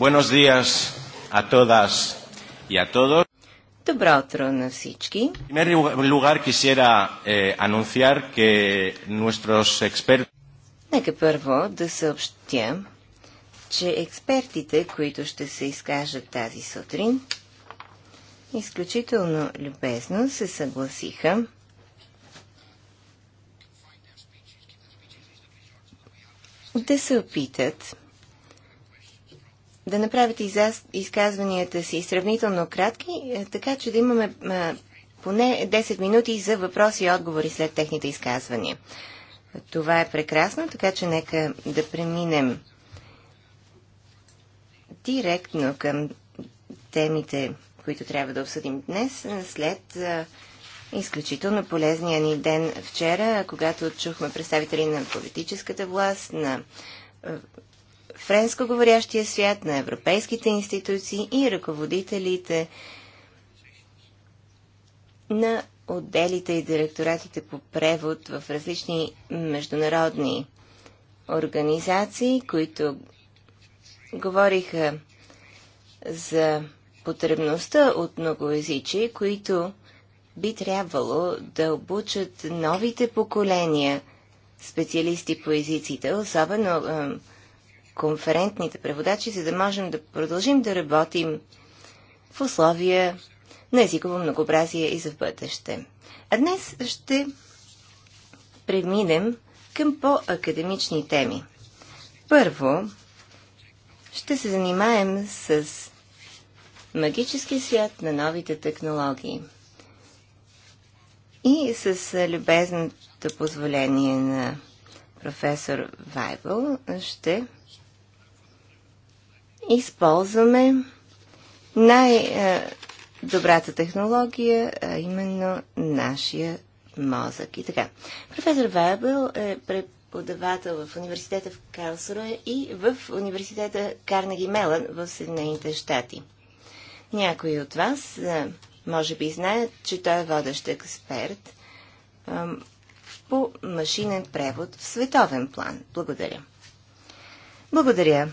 Buenos días a todas y a todos. Добро утро на всички. En primer lugar quisiera eh, anunciar que nuestros expertos Нека първо да съобщя, че експертите, които ще се изкажат тази сутрин, изключително любезно се съгласиха да се опитат да направите изказванията си сравнително кратки, е, така че да имаме е, поне 10 минути за въпроси и отговори след техните изказвания. Това е прекрасно, така че нека да преминем директно към темите, които трябва да обсъдим днес, е, след изключително полезния ни ден вчера, когато чухме представители на политическата власт, на френско говорящия свят, на европейските институции и ръководителите на отделите и директоратите по превод в различни международни организации, които говориха за потребността от многоязичие, които би трябвало да обучат новите поколения специалисти по езиците, особено конферентните преводачи, за да можем да продължим да работим в условия на езиково многообразие и за в бъдеще. А днес ще преминем към по-академични теми. Първо, ще се занимаем с магически свят на новите технологии и с любезното позволение на професор Вайбъл ще използваме най-добрата технология, а именно нашия мозък. И така, професор Вайбел е преподавател в университета в Калсруе и в университета Карнеги Мелън в Съединените щати. Някои от вас може би знаят, че той е водещ експерт по машинен превод в световен план. Благодаря. Благодаря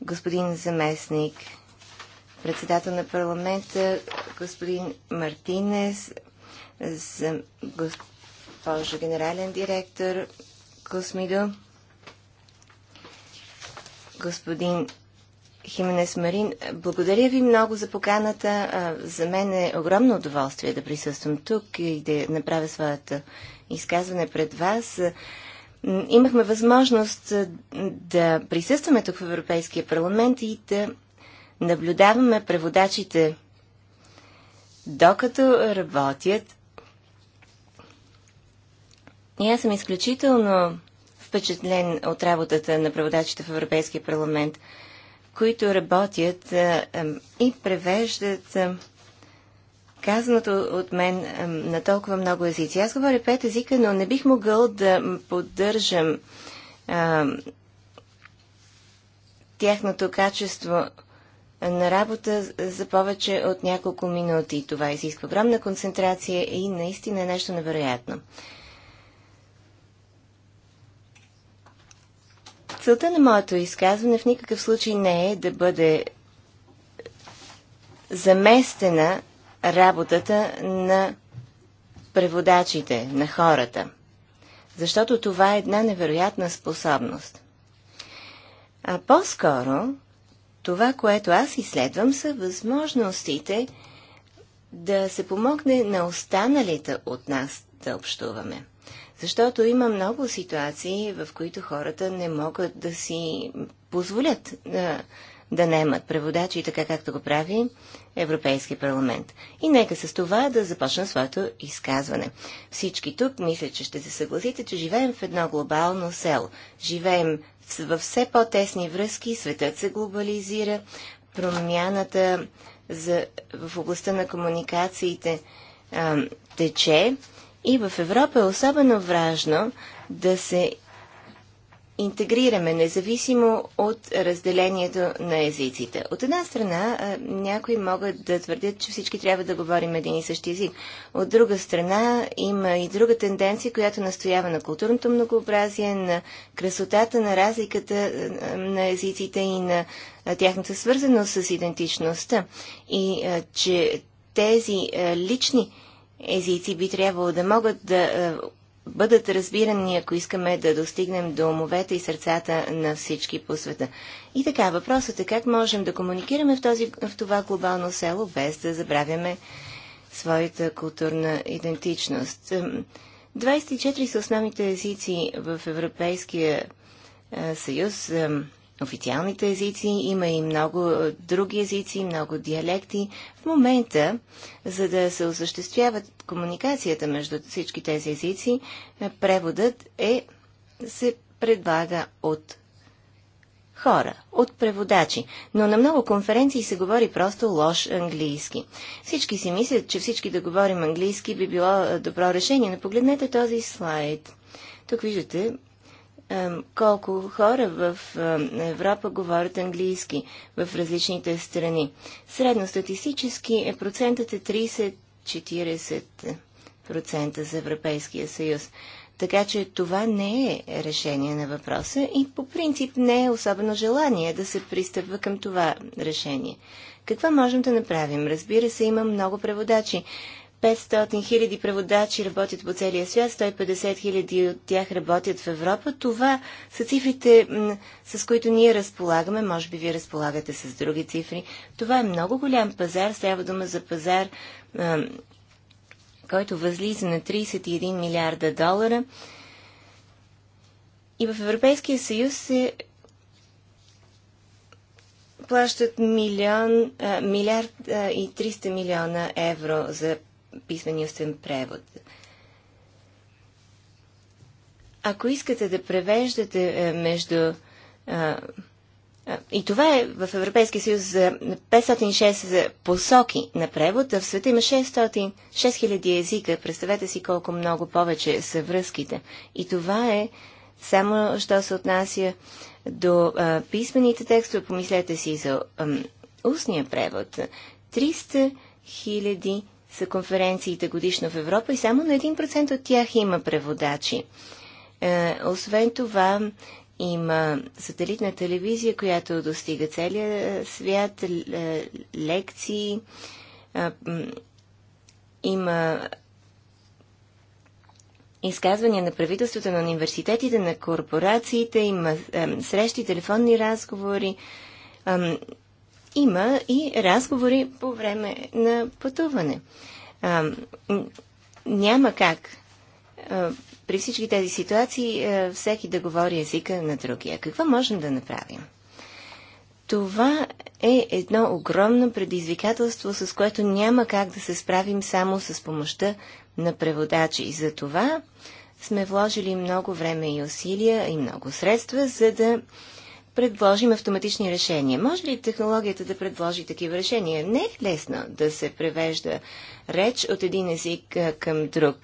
господин заместник, председател на парламента, господин Мартинес, госпожа генерален директор Космидо, господин Хименес Марин, благодаря ви много за поканата. За мен е огромно удоволствие да присъствам тук и да направя своята изказване пред вас имахме възможност да присъстваме тук в Европейския парламент и да наблюдаваме преводачите докато работят. И аз съм изключително впечатлен от работата на преводачите в Европейския парламент, които работят и превеждат казаното от мен на толкова много езици. Аз говоря пет езика, но не бих могъл да поддържам а, тяхното качество на работа за повече от няколко минути. Това изисква огромна концентрация и наистина е нещо невероятно. Целта на моето изказване в никакъв случай не е да бъде заместена работата на преводачите, на хората. Защото това е една невероятна способност. А по-скоро, това, което аз изследвам, са възможностите да се помогне на останалите от нас да общуваме. Защото има много ситуации, в които хората не могат да си позволят да да наемат преводачи, така както го прави Европейски парламент. И нека с това да започна своето изказване. Всички тук мисля, че ще се съгласите, че живеем в едно глобално село. Живеем в все по-тесни връзки, светът се глобализира, промяната за, в областта на комуникациите а, тече и в Европа е особено важно да се интегрираме, независимо от разделението на езиците. От една страна, някои могат да твърдят, че всички трябва да говорим един и същи език. От друга страна, има и друга тенденция, която настоява на културното многообразие, на красотата, на разликата на езиците и на тяхната свързаност с идентичността. И че тези лични езици би трябвало да могат да бъдат разбирани, ако искаме да достигнем до умовете и сърцата на всички по света. И така, въпросът е как можем да комуникираме в, този, в това глобално село, без да забравяме своята културна идентичност. 24 са основните езици в Европейския е, съюз официалните езици, има и много други езици, много диалекти. В момента, за да се осъществява комуникацията между всички тези езици, преводът е, се предлага от хора, от преводачи, но на много конференции се говори просто лош английски. Всички си мислят, че всички да говорим английски би било добро решение, но погледнете този слайд. Тук виждате колко хора в Европа говорят английски в различните страни. Средностатистически е процентът е 30-40% за Европейския съюз. Така че това не е решение на въпроса и по принцип не е особено желание да се пристъпва към това решение. Какво можем да направим? Разбира се, има много преводачи. 500 000 преводачи работят по целия свят, 150 000 от тях работят в Европа. Това са цифрите, с които ние разполагаме. Може би вие разполагате с други цифри. Това е много голям пазар. Става дума за пазар, който възлиза на 31 милиарда долара. И в Европейския съюз се плащат милион, а, милиард а, и 300 милиона евро за писмен устен превод. Ако искате да превеждате е, между и това е в Европейския съюз за 506 посоки на превод, а в света има 600, 6000 езика. Представете си колко много повече са връзките. И това е само, що се отнася до а, писмените текстове. Помислете си за а, устния превод. 300 000 са конференциите годишно в Европа и само на 1% от тях има преводачи. Е, освен това, има сателитна телевизия, която достига целия е, свят, е, лекции, е, има изказвания на правителството, на университетите, на корпорациите, има е, срещи, телефонни разговори има и разговори по време на пътуване. А, няма как а, при всички тези ситуации а, всеки да говори езика на другия. Какво можем да направим? Това е едно огромно предизвикателство, с което няма как да се справим само с помощта на преводачи. И за това сме вложили много време и усилия и много средства, за да предложим автоматични решения. Може ли технологията да предложи такива решения? Не е лесно да се превежда реч от един език към друг.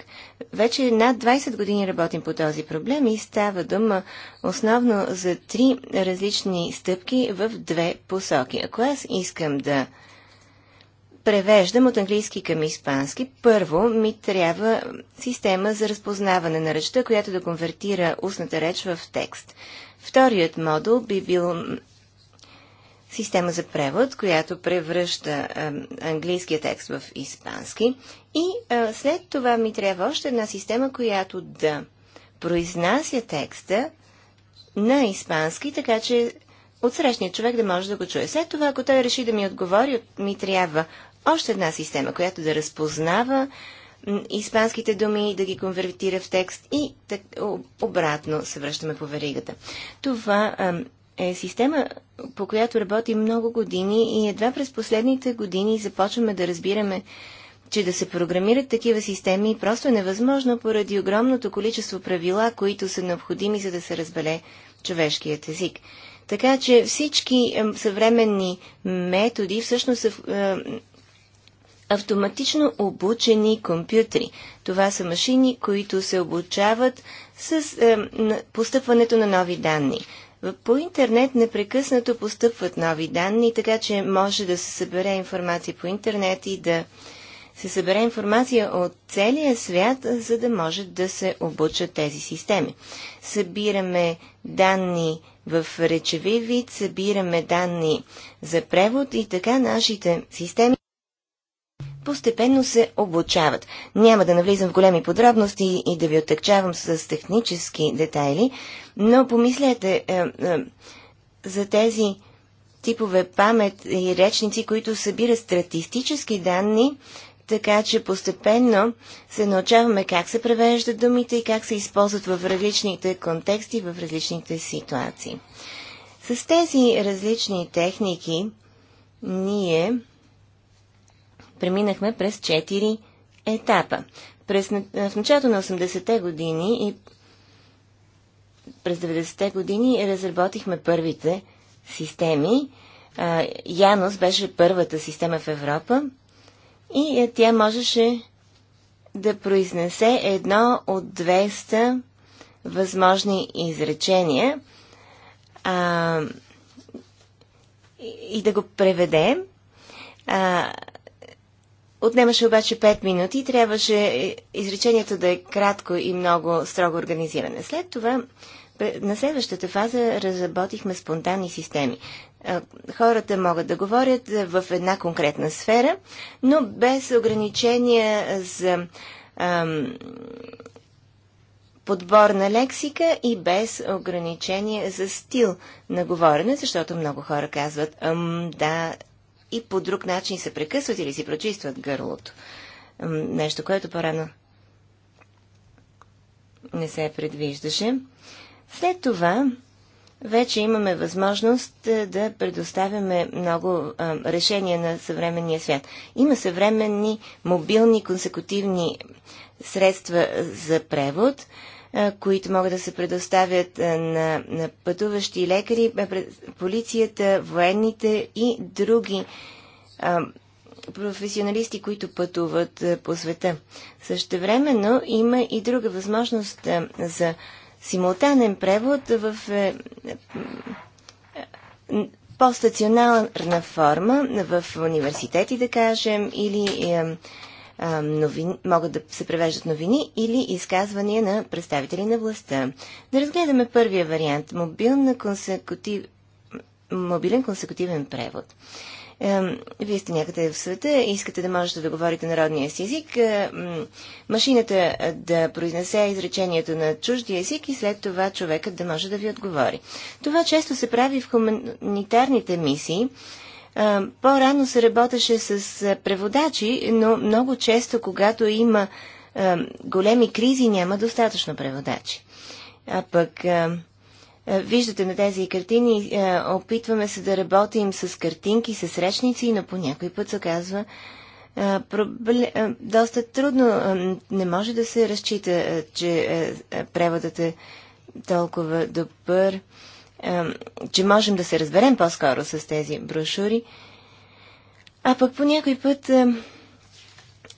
Вече над 20 години работим по този проблем и става дума основно за три различни стъпки в две посоки. Ако аз искам да превеждам от английски към испански, първо ми трябва система за разпознаване на речта, която да конвертира устната реч в текст. Вторият модул би бил система за превод, която превръща английския текст в испански. И след това ми трябва още една система, която да произнася текста на испански, така че отсрещният човек да може да го чуе. След това, ако той реши да ми отговори, ми трябва още една система, която да разпознава испанските думи и да ги конвертира в текст и так, обратно се връщаме по веригата. Това е система, по която работи много години и едва през последните години започваме да разбираме, че да се програмират такива системи просто е невъзможно поради огромното количество правила, които са необходими за да се разбере човешкият език. Така че всички съвременни методи всъщност са автоматично обучени компютри. Това са машини, които се обучават с е, постъпването на нови данни. По интернет непрекъснато постъпват нови данни, така че може да се събере информация по интернет и да се събере информация от целия свят, за да може да се обучат тези системи. Събираме данни в речеви вид, събираме данни за превод и така нашите системи постепенно се обучават. Няма да навлизам в големи подробности и да ви отъкчавам с технически детайли, но помислете е, е, за тези типове памет и речници, които събират статистически данни, така че постепенно се научаваме как се превеждат думите и как се използват в различните контексти, в различните ситуации. С тези различни техники ние преминахме през 4 етапа. През, в началото на 80-те години и през 90-те години разработихме първите системи. Янос беше първата система в Европа и тя можеше да произнесе едно от 200 възможни изречения а, и да го преведе. А, Отнемаше обаче 5 минути, трябваше изречението да е кратко и много строго организиране. След това на следващата фаза разработихме спонтанни системи. Хората могат да говорят в една конкретна сфера, но без ограничения за ам, подбор на лексика и без ограничения за стил на говорене, защото много хора казват ам, да, и по друг начин се прекъсват или си прочистват гърлото. Нещо, което по-рано не се предвиждаше. След това вече имаме възможност е, да предоставяме много а, решения на съвременния свят. Има съвременни мобилни консекутивни средства е, за превод, които могат да се предоставят на, на пътуващи лекари, полицията, военните и други професионалисти, които пътуват по света. Същевременно има и друга възможност за симултанен превод в по-стационарна форма в университети, да кажем, или новини, могат да се превеждат новини или изказвания на представители на властта. Да разгледаме първия вариант мобилна консекутив... мобилен консекутивен превод. Е, вие сте някъде в света, искате да можете да говорите народния си език, е, машината да произнесе изречението на чужди език и след това човекът да може да ви отговори. Това често се прави в хуманитарните мисии, по-рано се работеше с преводачи, но много често, когато има големи кризи, няма достатъчно преводачи. А пък Виждате на тези картини, опитваме се да работим с картинки, с речници, но по някой път се казва доста трудно. Не може да се разчита, че преводът е толкова добър че можем да се разберем по-скоро с тези брошури. А пък по някой път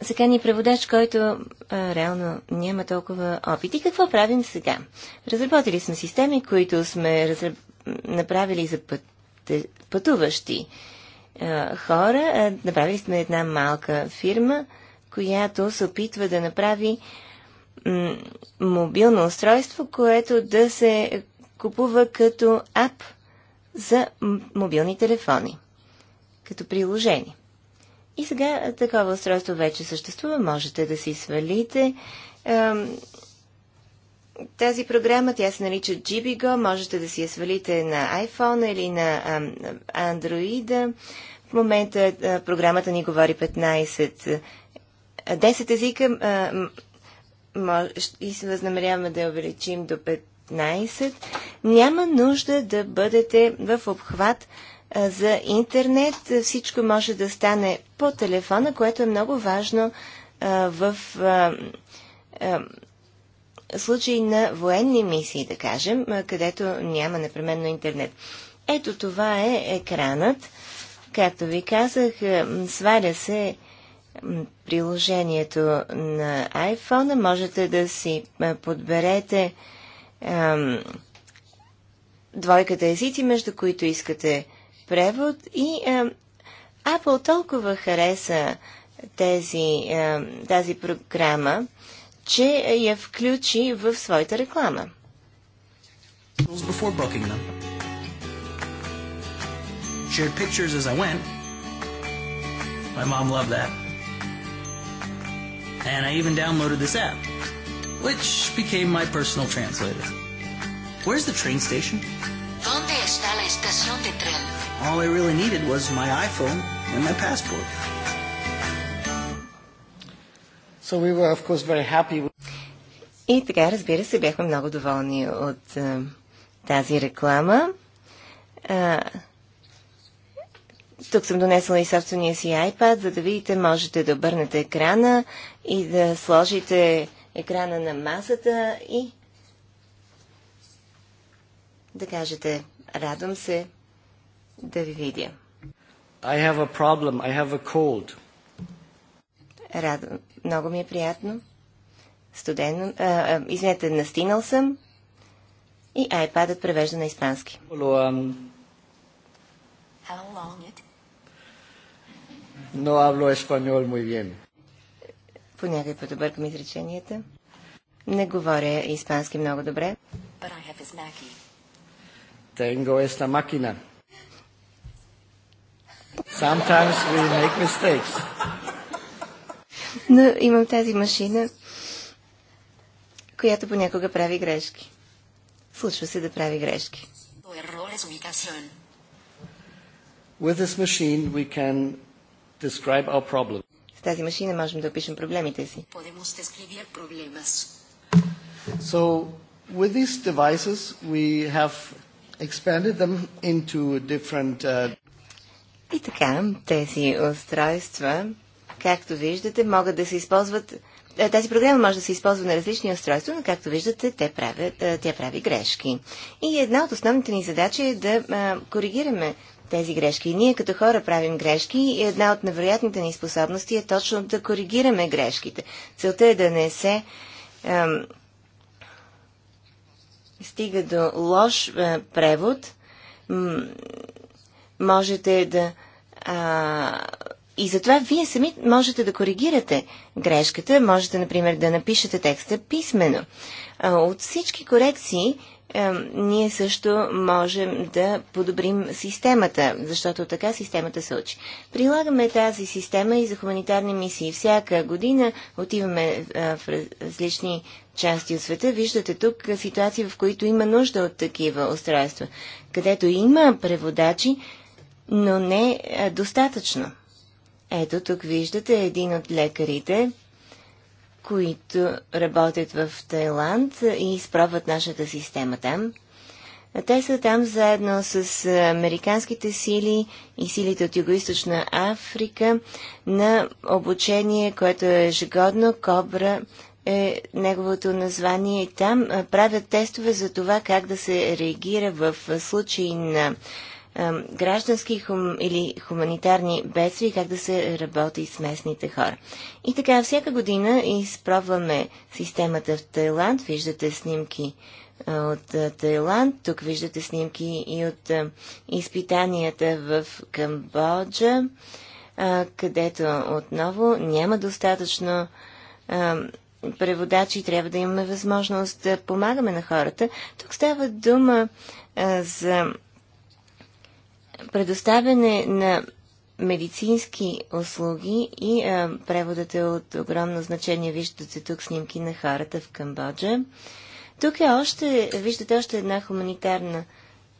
сега ни е преводач, който а, е, реално няма толкова опит. И какво правим сега? Разработили сме системи, които сме разраб... направили за път... пътуващи а, е, хора. А, направили сме една малка фирма, която се опитва да направи мобилно устройство, което да се купува като ап за мобилни телефони, като приложение. И сега такова устройство вече съществува. Можете да си свалите тази програма, тя се нарича GBGO, можете да си я свалите на iPhone или на Android. В момента програмата ни говори 15, 10 езика и се възнамеряваме да я увеличим до 5. 15, няма нужда да бъдете в обхват за интернет. Всичко може да стане по телефона, което е много важно в случай случаи на военни мисии, да кажем, където няма непременно интернет. Ето това е екранът. Както ви казах, сваля се приложението на iPhone. Можете да си подберете ам, двойката езици, между които искате превод и ам, Apple толкова хареса тези, ам, тази програма, че я включи в своята реклама. My mom loved that. And I even downloaded this app which became my personal translator. Where's the train station? ¿Dónde está la estación de tren? All I really needed was my iPhone and my passport. So we were of course very happy И така, разбира се, бяхме много доволни от а, тази реклама. А, тук съм донесла и собствения си iPad, за да видите, можете да обърнете екрана и да сложите екрана на масата и да кажете радвам се да ви видя. I have a problem. I have a cold. Радвам. Много ми е приятно. Студено. извинете, настинал съм. И айпадът превежда на испански. Hello, um... How long it? No hablo español muy bien. По Понякога е път объркам изреченията. Не говоря испански много добре. But I have his Mackie. Tengo esta máquina. Sometimes we make mistakes. Но имам тази машина, която понякога прави грешки. Случва се да прави грешки. With this machine we can describe our problem тази машина можем да опишем проблемите си. So, with these devices, we have expanded them into different... Uh... И така, тези устройства, както виждате, могат да се използват... Е, тази програма може да се използва на различни устройства, но както виждате, те правят, е, тя прави грешки. И една от основните ни задачи е да а, е, коригираме тези грешки. И ние като хора правим грешки и една от невероятните ни способности е точно да коригираме грешките. Целта е да не се ем, стига до лош е, превод. М- можете да. А, и затова вие сами можете да коригирате грешката. Можете, например, да напишете текста писменно. от всички корекции е, ние също можем да подобрим системата, защото така системата се учи. Прилагаме тази система и за хуманитарни мисии. Всяка година отиваме е, в различни части от света. Виждате тук ситуации, в които има нужда от такива устройства, където има преводачи, но не е, достатъчно. Ето тук виждате един от лекарите, които работят в Тайланд и изпробват нашата система там. Те са там заедно с американските сили и силите от Юго-Источна Африка на обучение, което е ежегодно. Кобра е неговото название там правят тестове за това как да се реагира в случай на граждански хум, или хуманитарни бедствия и как да се работи с местните хора. И така, всяка година изпробваме системата в Тайланд. Виждате снимки от Тайланд. Тук виждате снимки и от изпитанията в Камбоджа, където отново няма достатъчно преводачи трябва да имаме възможност да помагаме на хората. Тук става дума за предоставяне на медицински услуги и а, преводът е от огромно значение. Виждате тук снимки на хората в Камбоджа. Тук е още, виждате още една хуманитарна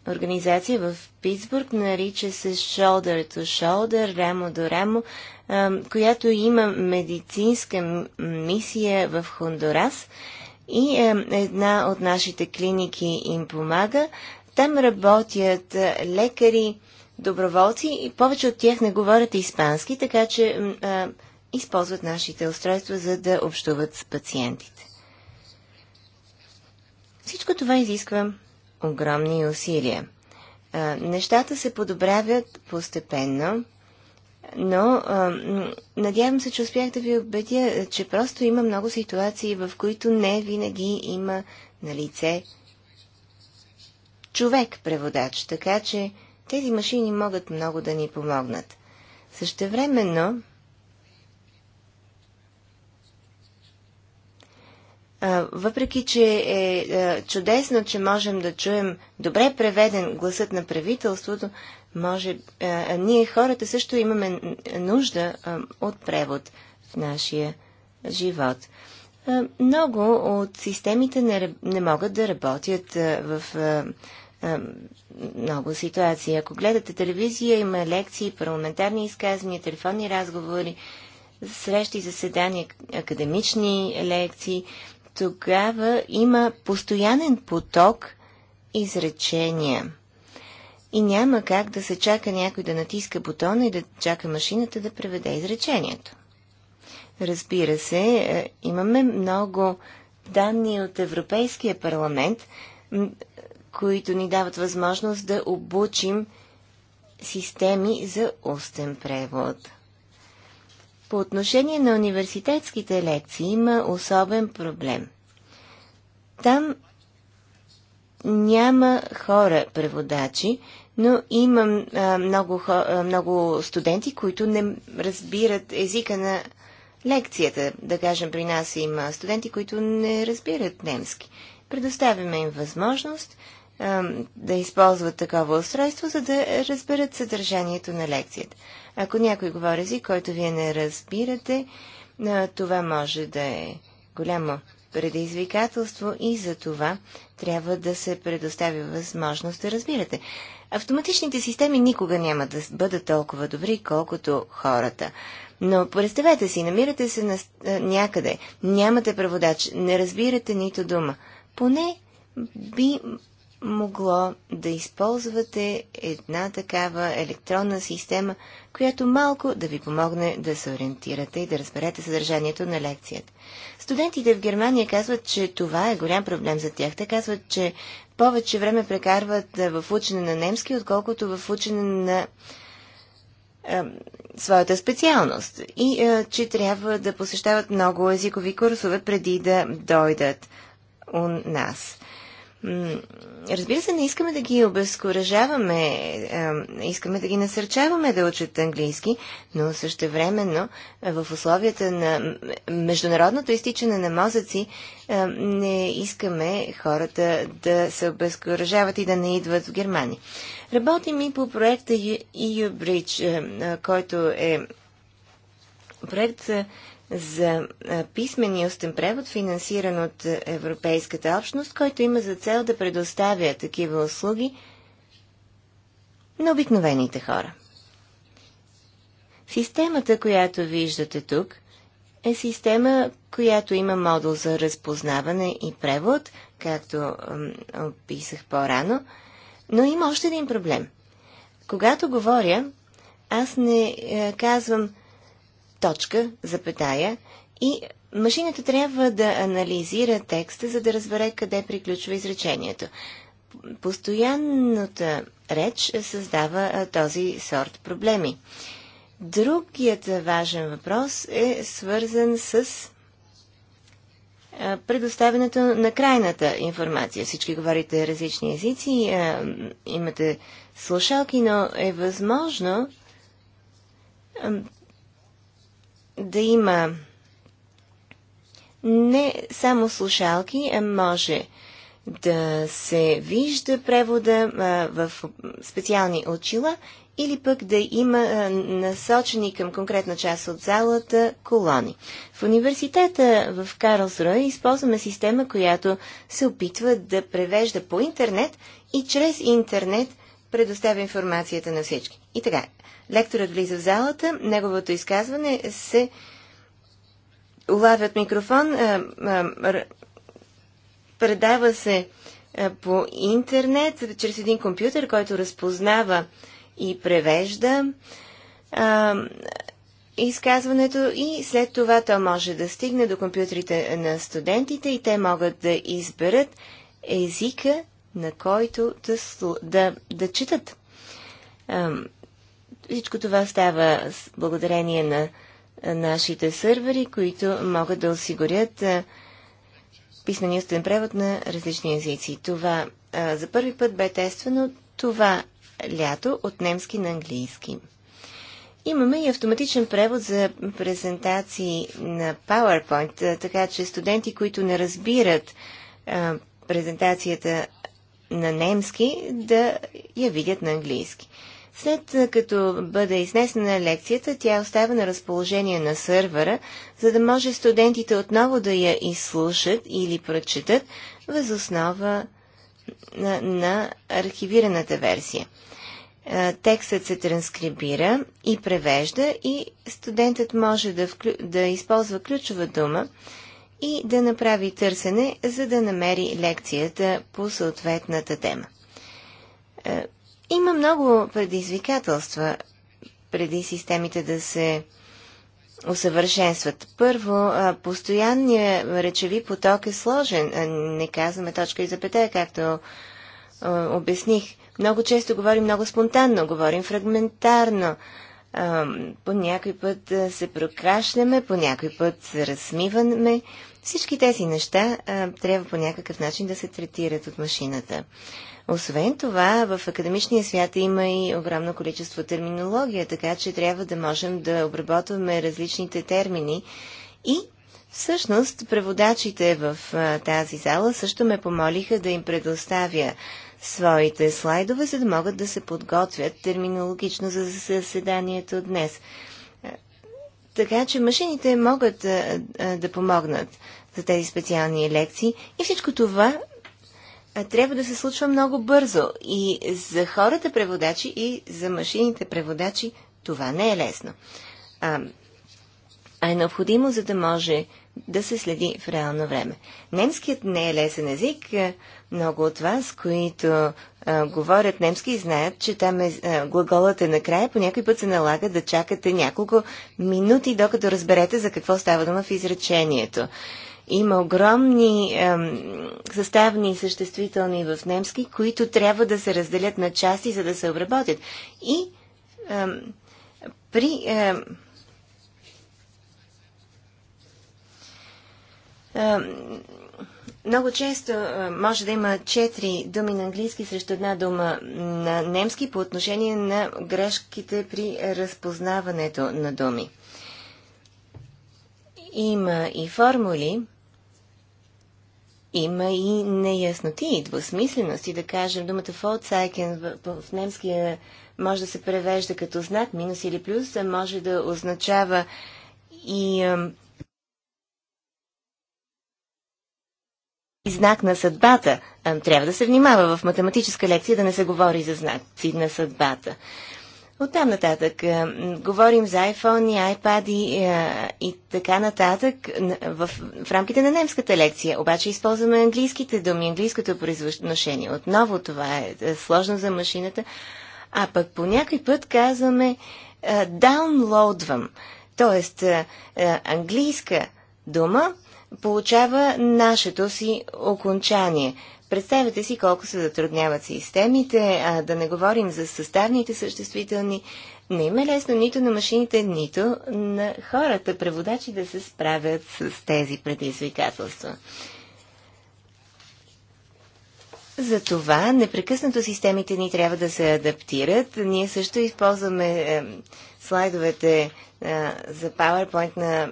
организация в Питсбург, нарича се Shoulder to Shoulder, рамо до рамо, а, която има медицинска мисия в Хондурас и една от нашите клиники им помага. Там работят лекари, доброволци и повече от тях не говорят испански, така че а, използват нашите устройства, за да общуват с пациентите. Всичко това изисква огромни усилия. А, нещата се подобряват постепенно, но а, надявам се, че успях да ви убедя, че просто има много ситуации, в които не винаги има на лице човек-преводач, така че тези машини могат много да ни помогнат. Същевременно, въпреки, че е чудесно, че можем да чуем добре преведен гласът на правителството, може, ние хората също имаме нужда от превод в нашия живот. много от системите не, не могат да работят в а, е, много ситуации. Ако гледате телевизия, има лекции, парламентарни изказвания, телефонни разговори, срещи, заседания, академични лекции, тогава има постоянен поток изречения. И няма как да се чака някой да натиска бутона и да чака машината да преведе изречението. Разбира се, е, имаме много данни от Европейския парламент, които ни дават възможност да обучим системи за устен превод. По отношение на университетските лекции има особен проблем. Там няма хора преводачи, но има а, много, а, много студенти, които не разбират езика на лекцията. Да кажем, при нас има студенти, които не разбират немски. Предоставяме им възможност да използват такова устройство, за да разберат съдържанието на лекцията. Ако някой говори език, който вие не разбирате, това може да е голямо предизвикателство и за това трябва да се предостави възможност да разбирате. Автоматичните системи никога няма да бъдат толкова добри, колкото хората. Но представете си, намирате се на, някъде, нямате преводач, не разбирате нито дума. Поне би могло да използвате една такава електронна система, която малко да ви помогне да се ориентирате и да разберете съдържанието на лекцията. Студентите в Германия казват, че това е голям проблем за тях. Те казват, че повече време прекарват е, в учене на немски, отколкото в учене на е, своята специалност и е, че трябва да посещават много езикови курсове преди да дойдат у нас. Разбира се, не искаме да ги обезкуражаваме, искаме да ги насърчаваме да учат английски, но също времено в условията на международното изтичане на мозъци не искаме хората да се обезкуражават и да не идват в Германия. Работим и по проекта EU Bridge, който е проект за писмени устен превод, финансиран от Европейската общност, който има за цел да предоставя такива услуги на обикновените хора. Системата, която виждате тук, е система, която има модул за разпознаване и превод, както описах по-рано, но има още един проблем. Когато говоря, аз не е, казвам – точка, запетая и машината трябва да анализира текста, за да разбере къде приключва изречението. Постоянната реч създава този сорт проблеми. Другият важен въпрос е свързан с предоставянето на крайната информация. Всички говорите различни езици, имате слушалки, но е възможно да има не само слушалки, а може да се вижда превода в специални очила или пък да има насочени към конкретна част от залата колони. В университета в Карлсруе използваме система, която се опитва да превежда по интернет и чрез интернет предоставя информацията на всички. И така, Лекторът влиза в залата, неговото изказване се улавят микрофон, предава се по интернет, чрез един компютър, който разпознава и превежда а, изказването и след това то може да стигне до компютрите на студентите и те могат да изберат езика, на който да, да, да четат. Всичко това става с благодарение на нашите сървъри, които могат да осигурят писмения устен превод на различни езици. Това за първи път бе тествано това лято от немски на английски. Имаме и автоматичен превод за презентации на PowerPoint, така че студенти, които не разбират презентацията на немски, да я видят на английски. След като бъде изнесена лекцията, тя остава на разположение на сървъра, за да може студентите отново да я изслушат или прочетат въз основа на, на архивираната версия. Текстът се транскрибира и превежда и студентът може да, вклю... да използва ключова дума и да направи търсене, за да намери лекцията по съответната тема. Има много предизвикателства преди системите да се усъвършенстват. Първо, постоянният речеви поток е сложен. Не казваме точка и запетая, както обясних. Много често говорим много спонтанно, говорим фрагментарно по някой път се прокашляме, по някой път се размиваме. Всички тези неща а, трябва по някакъв начин да се третират от машината. Освен това, в академичния свят има и огромно количество терминология, така че трябва да можем да обработваме различните термини. И всъщност преводачите в а, тази зала също ме помолиха да им предоставя своите слайдове, за да могат да се подготвят терминологично за заседанието днес. Е, така че машините могат да, е, е, да помогнат за тези специални лекции и всичко това трябва да се случва много бързо. И за хората преводачи, и за машините преводачи това не е лесно. А, а е необходимо, за да може да се следи в реално време. Немският не е лесен език. Е, много от вас, които а, е, говорят немски, знаят, че там е, а, е, глаголът е накрая. По някой път се налага да чакате няколко минути, докато разберете за какво става дума в изречението. Има огромни ам, съставни и съществителни в немски, които трябва да се разделят на части, за да се обработят. И ам, при... Ам, Е, много често е, може да има четири думи на английски срещу една дума на немски по отношение на грешките при разпознаването на думи. Има и формули, има и неясноти и двусмислености. Да кажем, думата Фолцайкен в, в немския може да се превежда като знак, минус или плюс, а може да означава и И знак на съдбата. Трябва да се внимава в математическа лекция да не се говори за знаци на съдбата. Оттам нататък говорим за iPhone, iPad и, и така нататък в, в рамките на немската лекция. Обаче използваме английските думи, английското произношение. Отново това е, е сложно за машината. А пък по някой път казваме даунлоудвам. Тоест английска дума получава нашето си окончание. Представете си колко се затрудняват системите, а да не говорим за съставните съществителни. Не има лесно нито на машините, нито на хората, преводачи да се справят с тези предизвикателства. Затова непрекъснато системите ни трябва да се адаптират. Ние също използваме е, слайдовете е, за PowerPoint на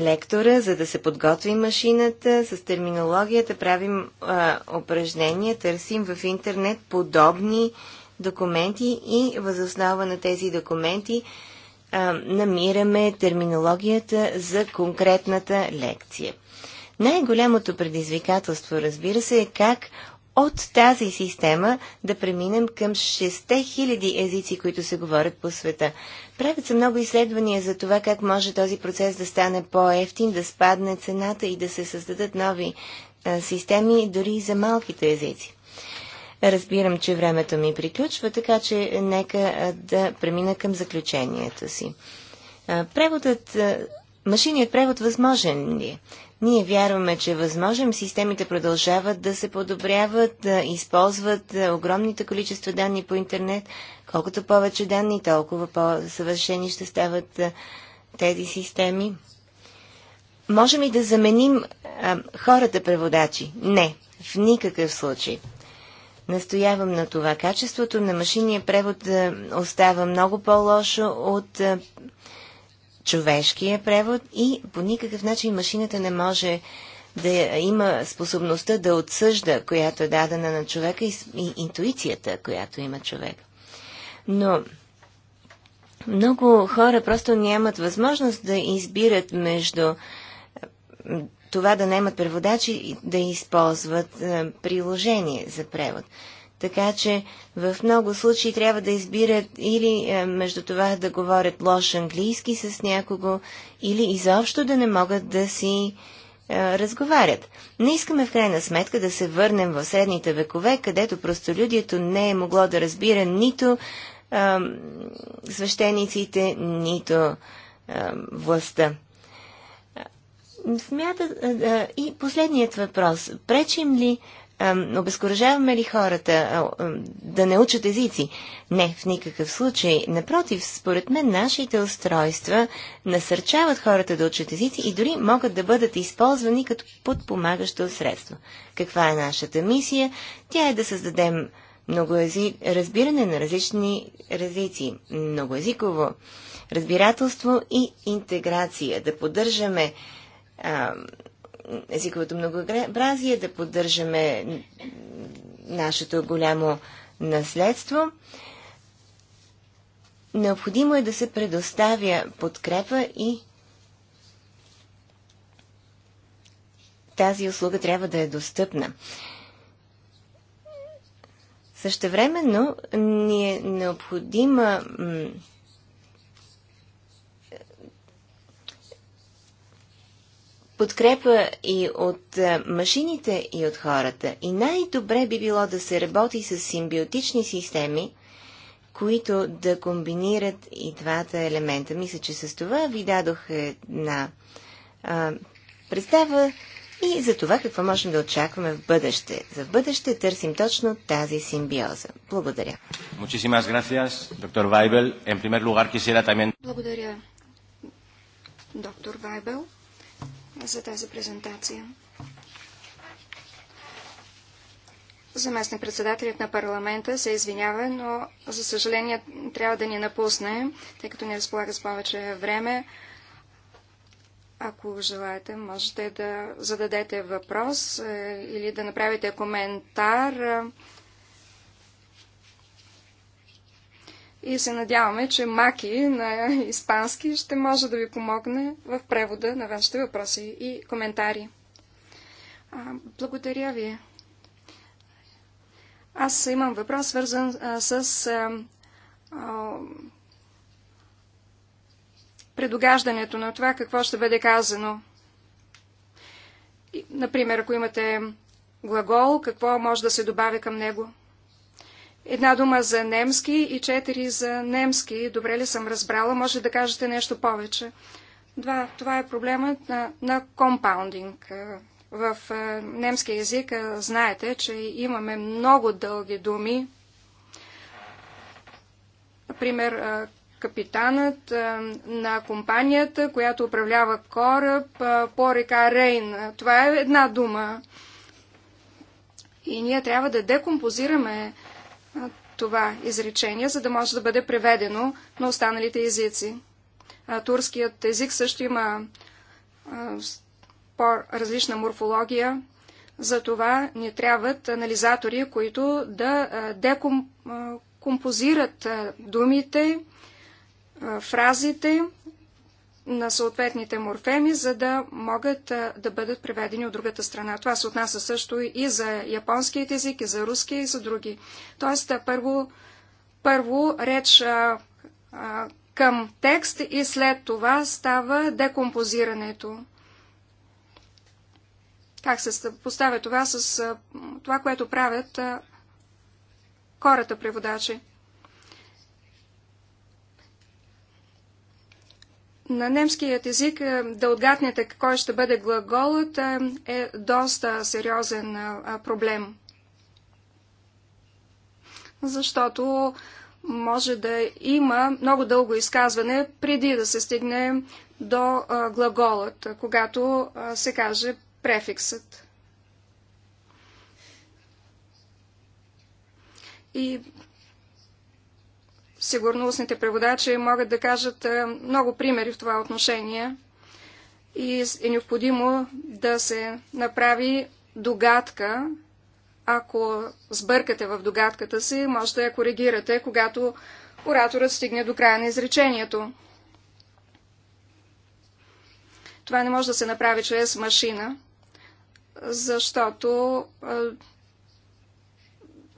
лектора, за да се подготви машината. С терминологията правим а, упражнения, търсим в интернет подобни документи и възоснова на тези документи а, намираме терминологията за конкретната лекция. Най-голямото предизвикателство, разбира се, е как от тази система да преминем към 6000 езици, които се говорят по света. Правят се много изследвания за това как може този процес да стане по-ефтин, да спадне цената и да се създадат нови а, системи дори и за малките езици. Разбирам, че времето ми приключва, така че нека да премина към заключението си. преводът, машиният превод възможен ли е? Ние вярваме, че е системите продължават да се подобряват, да използват е, огромните количества данни по интернет. Колкото повече данни, толкова по-съвършени ще стават е, тези системи. Можем ли да заменим а, е, хората преводачи? Не, в никакъв случай. Настоявам на това. Качеството на машинния превод а, остава много по-лошо от а, човешкия превод и по никакъв начин машината не може да има способността да отсъжда, която е дадена на човека и, интуицията, която има човек. Но много хора просто нямат възможност да избират между е, това да имат преводачи и да използват е, приложение за превод. Така че в много случаи трябва да избират или е, между това да говорят лош английски с някого, или изобщо да не могат да си е, разговарят. Не искаме в крайна сметка да се върнем в средните векове, където простолюдието не е могло да разбира нито а, е, свещениците, нито а, властта. Смята, и последният въпрос. Пречим ли обезкуражаваме ли хората да не учат езици? Не, в никакъв случай. Напротив, според мен нашите устройства насърчават хората да учат езици и дори могат да бъдат използвани като подпомагащо средство. Каква е нашата мисия? Тя е да създадем многоези... разбиране на различни езици, многоязиково разбирателство и интеграция, да поддържаме езиковото многообразие, да поддържаме нашето голямо наследство. Необходимо е да се предоставя подкрепа и тази услуга трябва да е достъпна. Същевременно ни е необходима подкрепа и от машините, и от хората. И най-добре би било да се работи с симбиотични системи, които да комбинират и двата елемента. Мисля, че с това ви дадох една а, представа и за това какво можем да очакваме в бъдеще. За в бъдеще търсим точно тази симбиоза. Благодаря. Благодаря, доктор Вайбел за тази презентация. Заместник председателят на парламента се извинява, но за съжаление трябва да ни напусне, тъй като не разполага с повече време. Ако желаете, можете да зададете въпрос е, или да направите коментар. Е, и се надяваме, че Маки на испански ще може да ви помогне в превода на вашите въпроси и коментари. А, благодаря ви. Аз имам въпрос, свързан а, с а, а, предогаждането на това, какво ще бъде казано. И, например, ако имате глагол, какво може да се добави към него? Една дума за немски и четири за немски. Добре ли съм разбрала? Може да кажете нещо повече. Два, това е проблемът на, на компаундинг. Е, в е, немски язик е, знаете, че имаме много дълги думи. Например, капитанът на компанията, която управлява кораб по река Рейн. Това е една дума. И ние трябва да декомпозираме това изречение, за да може да бъде преведено на останалите езици. Турският език също има по-различна морфология, затова ни трябват анализатори, които да декомпозират думите, фразите, на съответните морфеми, за да могат да бъдат преведени от другата страна. Това се отнася също и за японският език, и за руския, и за други. Тоест, първо, първо реч а, а, към текст и след това става декомпозирането. Как се поставя това с а, това, което правят а, хората преводачи? на немският език е, да отгаднете кой ще бъде глаголът е, е доста сериозен е, проблем. Защото може да има много дълго изказване преди да се стигне до глаголът, когато се каже префиксът. И Сигурно устните преводачи могат да кажат е, много примери в това отношение и е необходимо да се направи догадка. Ако сбъркате в догадката си, може да я коригирате, когато ораторът стигне до края на изречението. Това не може да се направи чрез машина, защото е,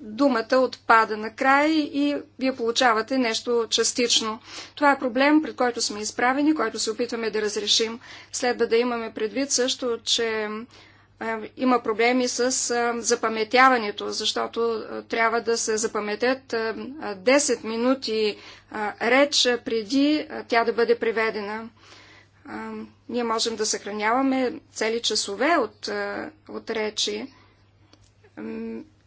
думата отпада накрая и вие получавате нещо частично. Това е проблем, пред който сме изправени, който се опитваме да разрешим. Следва да имаме предвид също, че има проблеми с запаметяването, защото трябва да се запаметят 10 минути реч преди тя да бъде преведена. Ние можем да съхраняваме цели часове от, от речи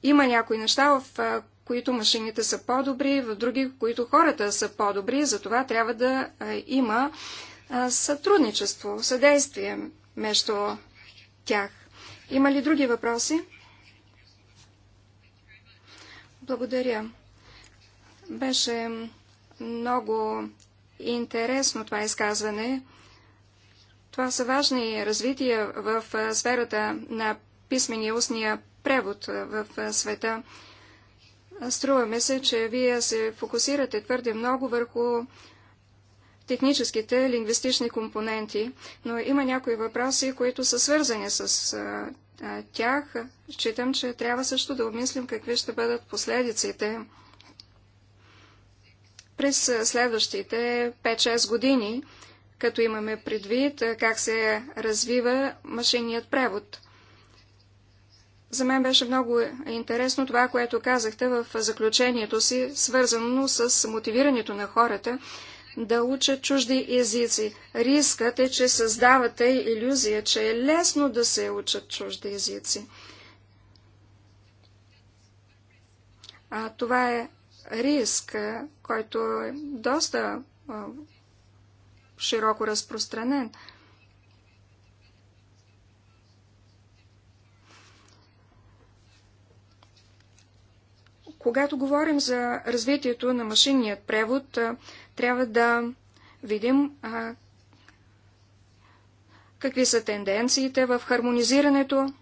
има някои неща, в които машините са по-добри, в други, в които хората са по-добри, затова трябва да има сътрудничество, съдействие между тях. Има ли други въпроси? Благодаря. Беше много интересно това изказване. Това са важни развития в сферата на писмения устния превод в света. Струваме се, че вие се фокусирате твърде много върху техническите лингвистични компоненти, но има някои въпроси, които са свързани с а, тях. Считам, че трябва също да обмислим какви ще бъдат последиците през следващите 5-6 години, като имаме предвид как се развива машинният превод – за мен беше много интересно това, което казахте в заключението си, свързано с мотивирането на хората да учат чужди езици. Рискът е, че създавате иллюзия, че е лесно да се учат чужди езици. А това е риск, който е доста широко разпространен. Когато говорим за развитието на машинният превод, трябва да видим а, какви са тенденциите в хармонизирането.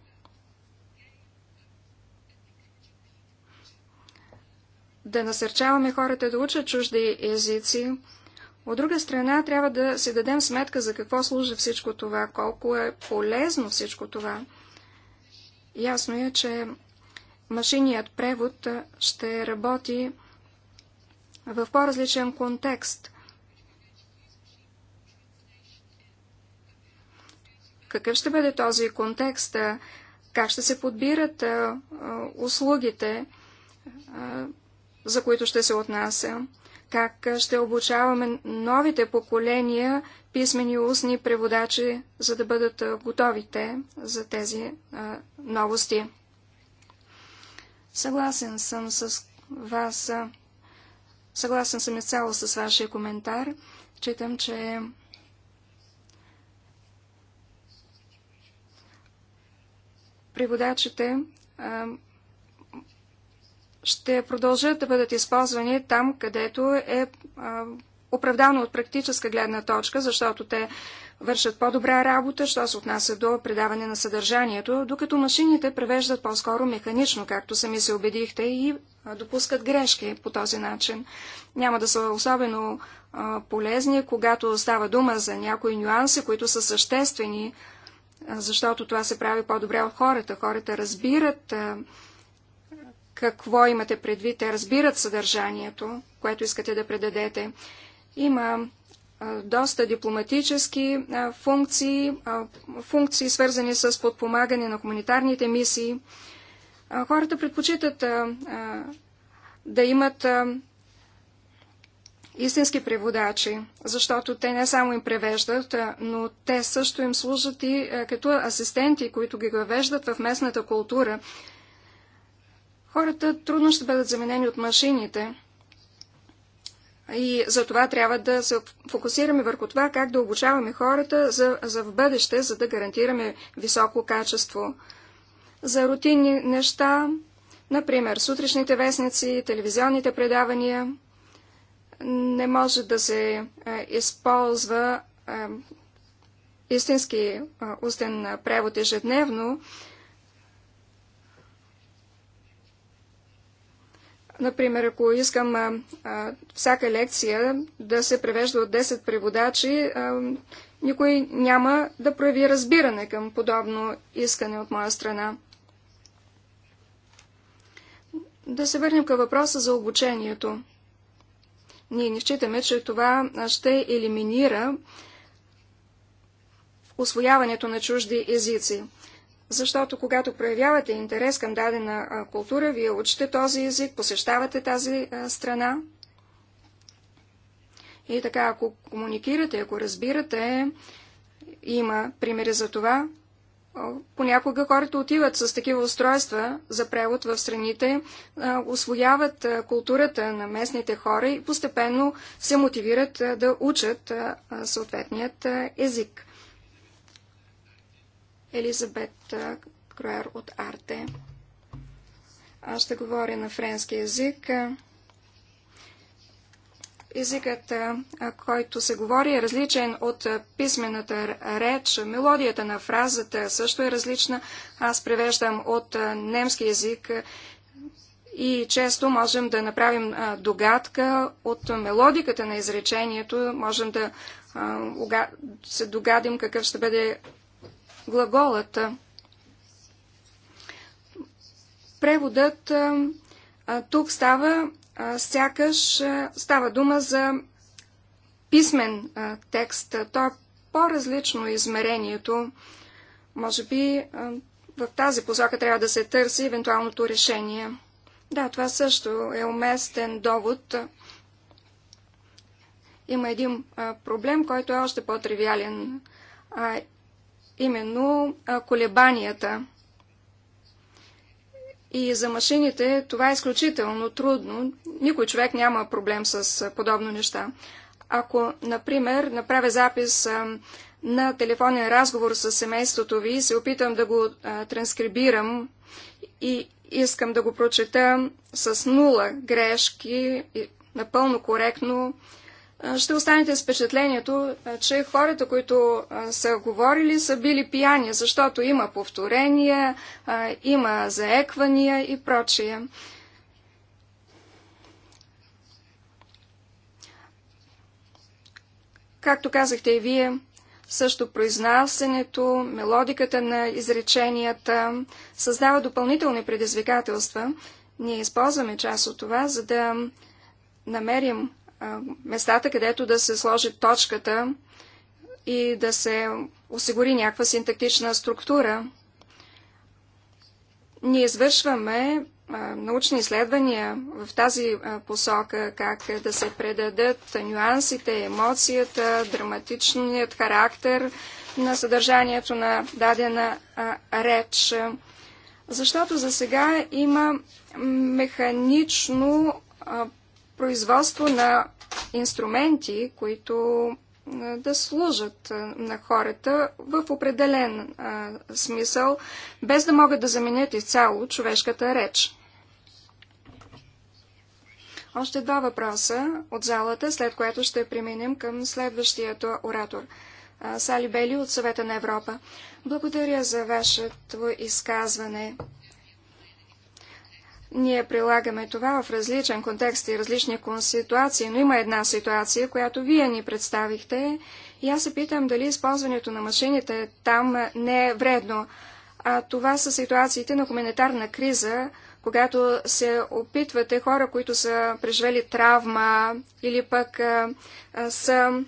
Да насърчаваме хората да учат чужди езици. От друга страна, трябва да си дадем сметка за какво служи всичко това, колко е полезно всичко това. Ясно е, че машиният превод ще работи в по-различен контекст. Какъв ще бъде този контекст? Как ще се подбират услугите, за които ще се отнася? Как ще обучаваме новите поколения писмени и устни преводачи, за да бъдат готовите за тези новости? Съгласен съм с вас. Съгласен съм изцяло с вашия коментар. Читам, че преводачите ще продължат да бъдат използвани там, където е оправдано от практическа гледна точка, защото те вършат по-добра работа, що се отнася до предаване на съдържанието, докато машините превеждат по-скоро механично, както сами се убедихте, и допускат грешки по този начин. Няма да са особено полезни, когато става дума за някои нюанси, които са съществени, защото това се прави по-добре от хората. Хората разбират какво имате предвид, те разбират съдържанието, което искате да предадете. Има доста дипломатически функции, функции свързани с подпомагане на хуманитарните мисии. Хората предпочитат да имат истински преводачи, защото те не само им превеждат, но те също им служат и като асистенти, които ги въвеждат в местната култура. Хората трудно ще бъдат заменени от машините. И за това трябва да се фокусираме върху това, как да обучаваме хората за, за в бъдеще, за да гарантираме високо качество. За рутинни неща, например, сутрешните вестници, телевизионните предавания, не може да се е, използва е, истински е, устен превод ежедневно, Например, ако искам а, а, всяка лекция да се превежда от 10 преводачи, а, никой няма да прояви разбиране към подобно искане от моя страна. Да се върнем към въпроса за обучението. Ние не считаме, че това ще елиминира освояването на чужди езици защото когато проявявате интерес към дадена култура, вие учите този език, посещавате тази страна. И така, ако комуникирате, ако разбирате, има примери за това. Понякога хората отиват с такива устройства за превод в страните, освояват културата на местните хора и постепенно се мотивират да учат съответният език. Елизабет Круер от Арте. Аз ще говоря на френски язик. Езикът, който се говори, е различен от писмената реч. Мелодията на фразата също е различна. Аз превеждам от немски язик и често можем да направим догадка от мелодиката на изречението. Можем да се догадим какъв ще бъде глаголът. Преводът тук става сякаш става дума за писмен текст. Той е по-различно измерението. Може би в тази посока трябва да се търси евентуалното решение. Да, това също е уместен довод. Има един проблем, който е още по-тривиален, именно колебанията. И за машините това е изключително трудно. Никой човек няма проблем с подобно неща. Ако, например, направя запис на телефонен разговор с семейството ви и се опитам да го транскрибирам и искам да го прочета с нула грешки, напълно коректно, ще останете с впечатлението, че хората, които са говорили, са били пияни, защото има повторения, има заеквания и прочие. Както казахте и вие, също произнасенето, мелодиката на изреченията създава допълнителни предизвикателства. Ние използваме част от това, за да намерим местата, където да се сложи точката и да се осигури някаква синтактична структура. Ние извършваме научни изследвания в тази посока, как да се предадат нюансите, емоцията, драматичният характер на съдържанието на дадена реч. Защото за сега има механично производство на инструменти, които да служат на хората в определен а, смисъл, без да могат да заменят изцяло човешката реч. Още два въпроса от залата, след което ще преминем към следващият оратор. Сали Бели от Съвета на Европа. Благодаря за вашето изказване. Ние прилагаме това в различен контекст и различни ситуации, но има една ситуация, която вие ни представихте и аз се питам дали използването на машините там не е вредно. А това са ситуациите на хуманитарна криза, когато се опитвате хора, които са преживели травма или пък а, а, са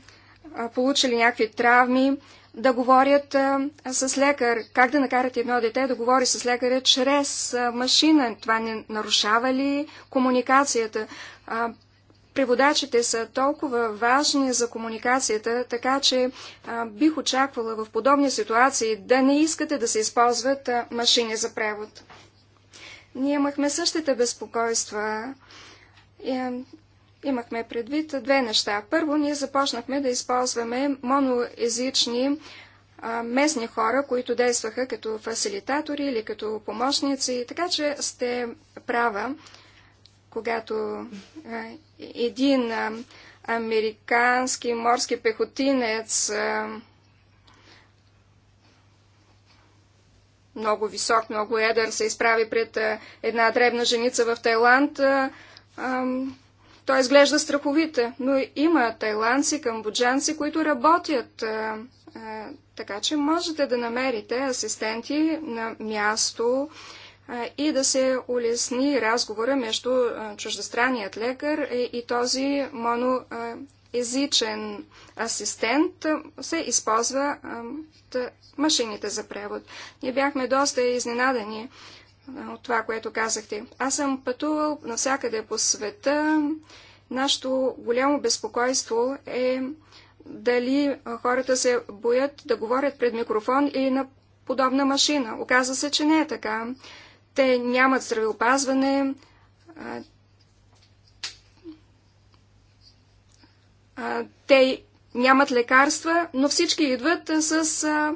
а, получили някакви травми, да говорят а, с лекар. Как да накарат едно дете да говори с лекаря чрез а, машина? Това не нарушава ли комуникацията? А, преводачите са толкова важни за комуникацията, така че а, бих очаквала в подобни ситуации да не искате да се използват а, машини за превод. Ние имахме същите безпокойства. И, имахме предвид две неща. Първо, ние започнахме да използваме моноезични а, местни хора, които действаха като фасилитатори или като помощници. Така че сте права, когато а, един а, американски морски пехотинец много висок, много едър, се изправи пред една дребна женица в Тайланд, той изглежда страховите, но има тайландци, камбоджанци, които работят. А, е, а, е, така че можете да намерите асистенти на място а, е, и да се улесни разговора между а, чуждестранният лекар и, и този моноезичен асистент. Се използва а, машините за превод. Ние бяхме доста изненадани от това, което казахте. Аз съм пътувал навсякъде по света. Нашето голямо безпокойство е дали хората се боят да говорят пред микрофон или на подобна машина. Оказва се, че не е така. Те нямат здравеопазване. те нямат лекарства, но всички идват с а,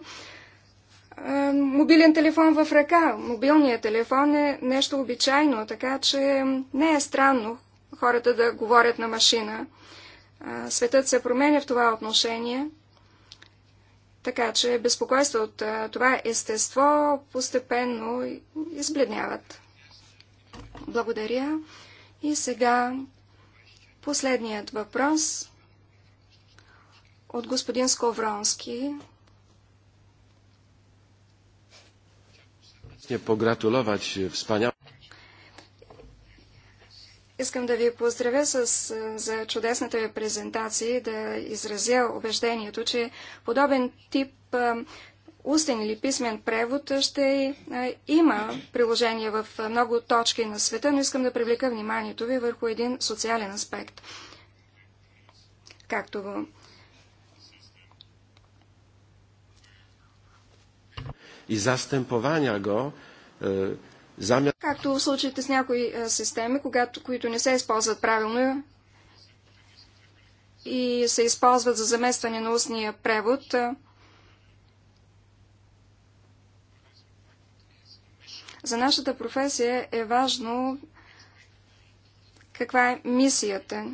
мобилен телефон в ръка. Мобилният телефон е нещо обичайно, така че не е странно хората да говорят на машина. Светът се променя в това отношение. Така че безпокойство от това естество постепенно избледняват. Благодаря. И сега последният въпрос от господин Сковронски pogratulować e, wspaniałej. Искам да ви поздравя с, е, за чудесната ви презентация и да изразя убеждението, че подобен тип е, устен или писмен превод ще е, има приложение в много точки на света, но искам да привлека вниманието ви върху един социален аспект. Както i zastępowania go замя... Както в случаите с някои е, системи, когато, които не се използват правилно и се използват за заместване на устния превод, е, За нашата професия е важно каква е мисията.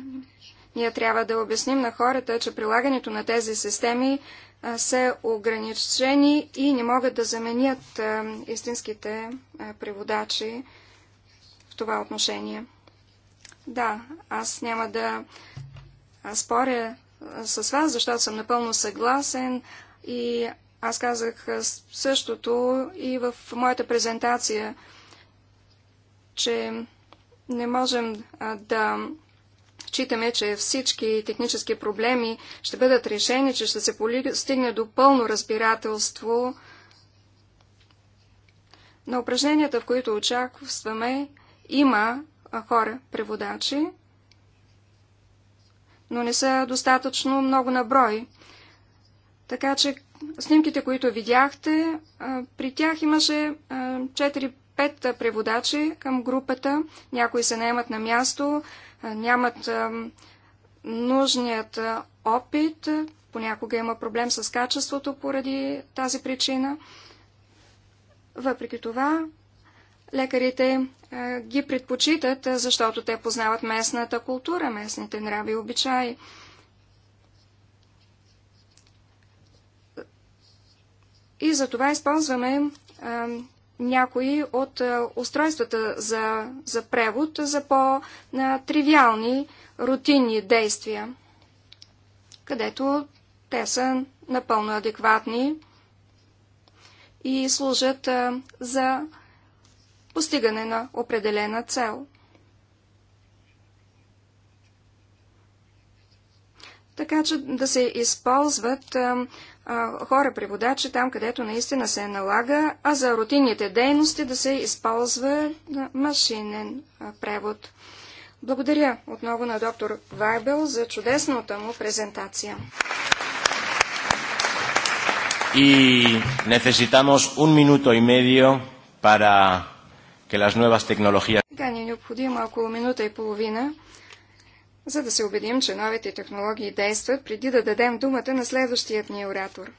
Ние трябва да обясним на хората, че прилагането на тези системи са ограничени и не могат да заменят истинските преводачи в това отношение. Да, аз няма да споря с вас, защото съм напълно съгласен и аз казах същото и в моята презентация, че не можем да Считаме, че всички технически проблеми ще бъдат решени, че ще се стигне до пълно разбирателство на упражненията, в които очакваме, има хора, преводачи, но не са достатъчно много на брой. Така че снимките, които видяхте, при тях имаше 4-5 преводачи към групата. Някои се наемат на място, нямат нужният опит, понякога има проблем с качеството поради тази причина. Въпреки това, лекарите ги предпочитат, защото те познават местната култура, местните нрави и обичаи. И за това използваме някои от е, устройствата за, за превод за по-тривиални, рутинни действия, където те са напълно адекватни и служат е, за постигане на определена цел. Така че да се използват е, хора, преводачи, там където наистина се налага, а за рутинните дейности да се използва машинен превод. Благодаря отново на доктор Вайбел за чудесната му презентация. Y necesitamos un minuto y medio para que las nuevas tecnologías. Така ни е необходимо около минута и половина, за да се убедим, че новите технологии действат, преди да дадем думата на следващият ни оратор.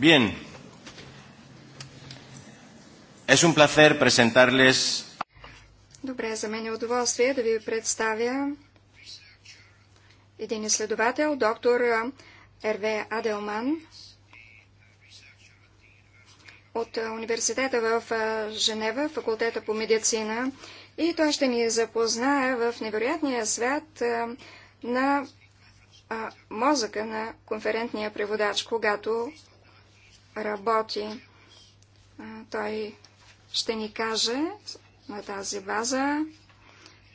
Bien. Es un placer presentarles. Добре, за мен е удоволствие да ви представя един изследовател, доктор РВ Аделман от университета в Женева, факултета по медицина. И той ще ни запознае в невероятния свят на мозъка на конферентния преводач, когато работи. Той ще ни каже на тази база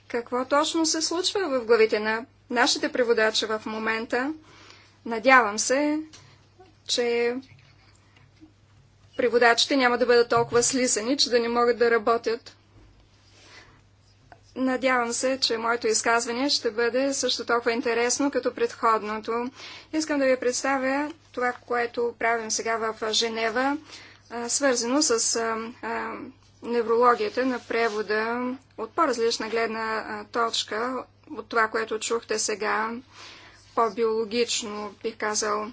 какво точно се случва в главите на нашите преводачи в момента. Надявам се, че преводачите няма да бъдат толкова слисани, че да не могат да работят. Надявам се, че моето изказване ще бъде също толкова интересно, като предходното. Искам да ви представя това, което правим сега в Женева, свързано с неврологията на превода от по-различна гледна точка от това, което чухте сега, по-биологично, бих казал.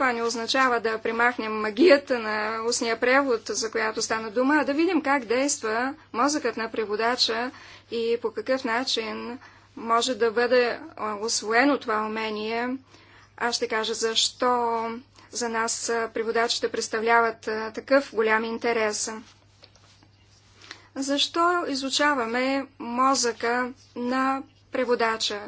Това не означава да примахнем магията на устния превод, за която стана дума, а да видим как действа мозъкът на преводача и по какъв начин може да бъде освоено това умение. Аз ще кажа защо за нас преводачите представляват такъв голям интерес. Защо изучаваме мозъка на преводача?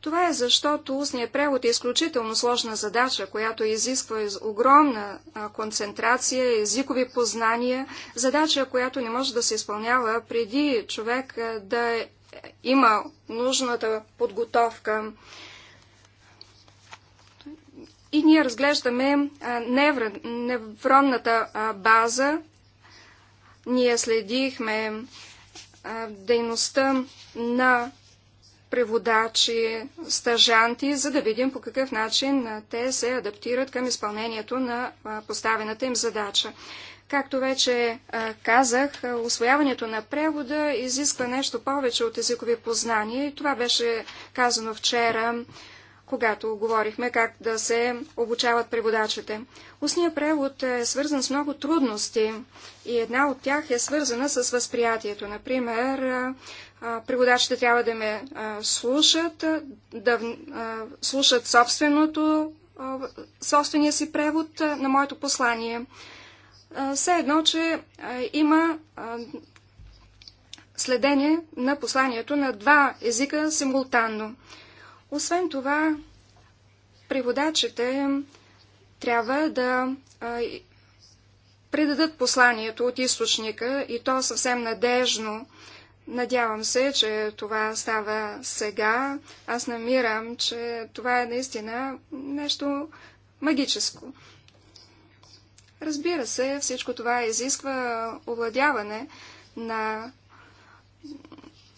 Това е защото устният превод е изключително сложна задача, която изисква огромна концентрация, езикови познания, задача, която не може да се изпълнява преди човек да е, има нужната подготовка. И ние разглеждаме невр... невронната база. Ние следихме дейността на преводачи, стажанти, за да видим по какъв начин те се адаптират към изпълнението на поставената им задача. Както вече казах, освояването на превода изисква нещо повече от езикови познания и това беше казано вчера, когато говорихме как да се обучават преводачите. Устният превод е свързан с много трудности и една от тях е свързана с възприятието. Например, преводачите трябва да ме слушат, да слушат собственото, собствения си превод на моето послание. Все едно, че има следение на посланието на два езика симултанно. Освен това, преводачите трябва да предадат посланието от източника и то съвсем надежно, Надявам се, че това става сега. Аз намирам, че това е наистина нещо магическо. Разбира се, всичко това изисква овладяване на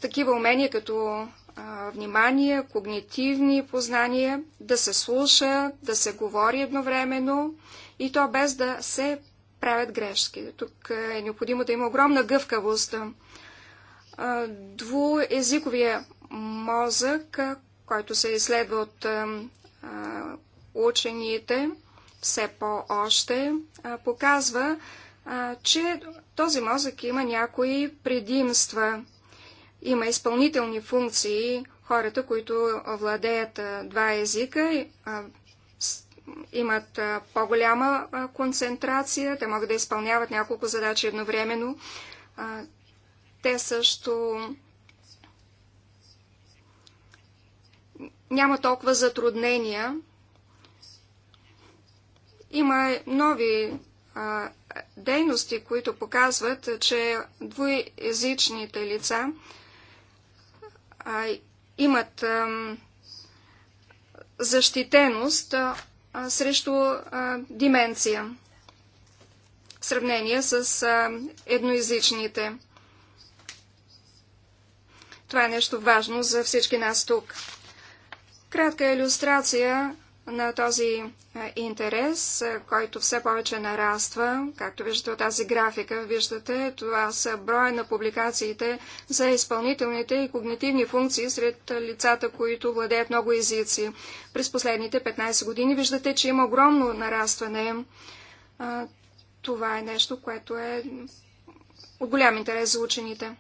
такива умения като а, внимание, когнитивни познания, да се слуша, да се говори едновременно и то без да се правят грешки. Тук е, е необходимо да има огромна гъвкавост двуезиковия мозък, който се изследва от учените все по-още, показва, че този мозък има някои предимства. Има изпълнителни функции. Хората, които владеят два езика, имат по-голяма концентрация. Те могат да изпълняват няколко задачи едновременно. Те също няма толкова затруднения. Има нови а, дейности, които показват, че двуязичните лица а, имат а, защитеност а, срещу а, деменция в сравнение с а, едноязичните. Това е нещо важно за всички нас тук. Кратка иллюстрация на този е, интерес, е, който все повече нараства. Както виждате от тази графика, виждате, това са броя на публикациите за изпълнителните и когнитивни функции сред е, лицата, които владеят много езици. През последните 15 години виждате, че има огромно нарастване. Това е нещо, което е от голям интерес за учените.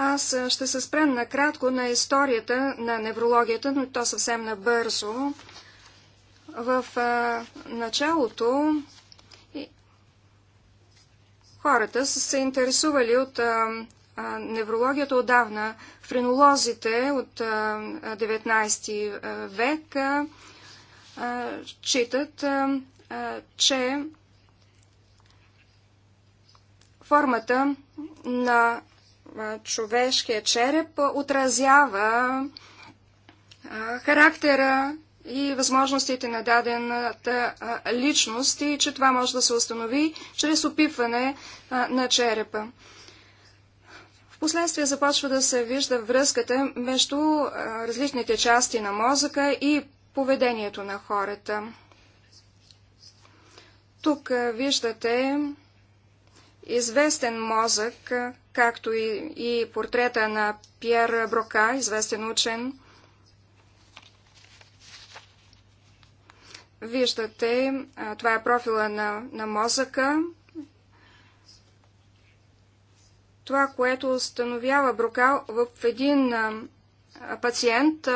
Аз ще се спрем накратко на историята на неврологията, но то съвсем набързо. В а, началото хората са се интересували от а, а, неврологията отдавна. Френолозите от а, 19 век а, читат, а, че формата на човешкия череп отразява характера и възможностите на дадената личност и че това може да се установи чрез опипване на черепа. Впоследствие започва да се вижда връзката между различните части на мозъка и поведението на хората. Тук виждате известен мозък, както и, и портрета на Пьер Брока, известен учен. Виждате, това е профила на, на мозъка. Това, което установява Брока в един пациент,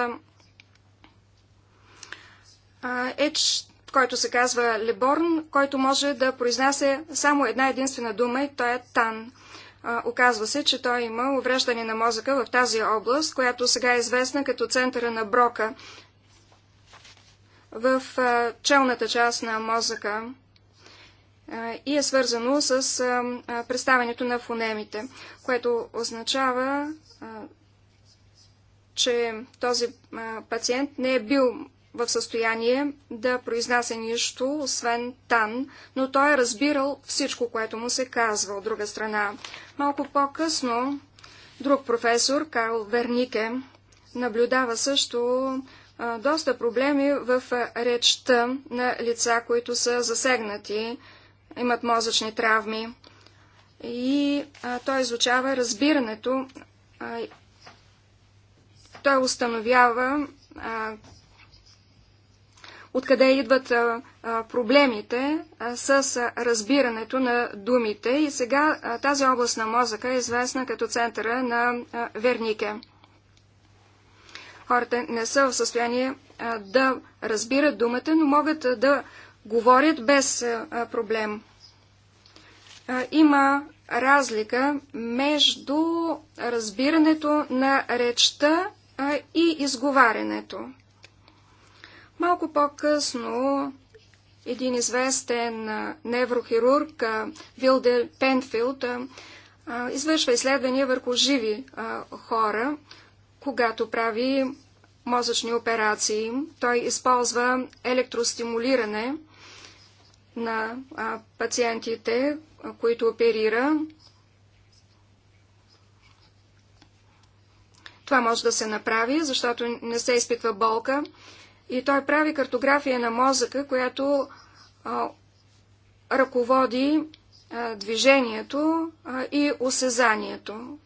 е, който се казва Леборн, който може да произнася само една единствена дума и той е Тан оказва се, че той е има увреждане на мозъка в тази област, която сега е известна като центъра на Брока в челната част на мозъка и е свързано с представянето на фонемите, което означава, че този пациент не е бил в състояние да произнася нищо, освен тан, но той е разбирал всичко, което му се казва от друга страна. Малко по-късно друг професор, Карл Вернике, наблюдава също а, доста проблеми в речта на лица, които са засегнати, имат мозъчни травми. И а, той изучава разбирането. А, той установява откъде идват проблемите с разбирането на думите. И сега тази област на мозъка е известна като центъра на Вернике. Хората не са в състояние да разбират думата, но могат да говорят без проблем. Има разлика между разбирането на речта и изговарянето. Малко по-късно един известен неврохирург Вилде Пенфилд извършва изследвания върху живи хора, когато прави мозъчни операции. Той използва електростимулиране на пациентите, които оперира. Това може да се направи, защото не се изпитва болка и той прави картография на мозъка, която а, ръководи а, движението а, и осезанието.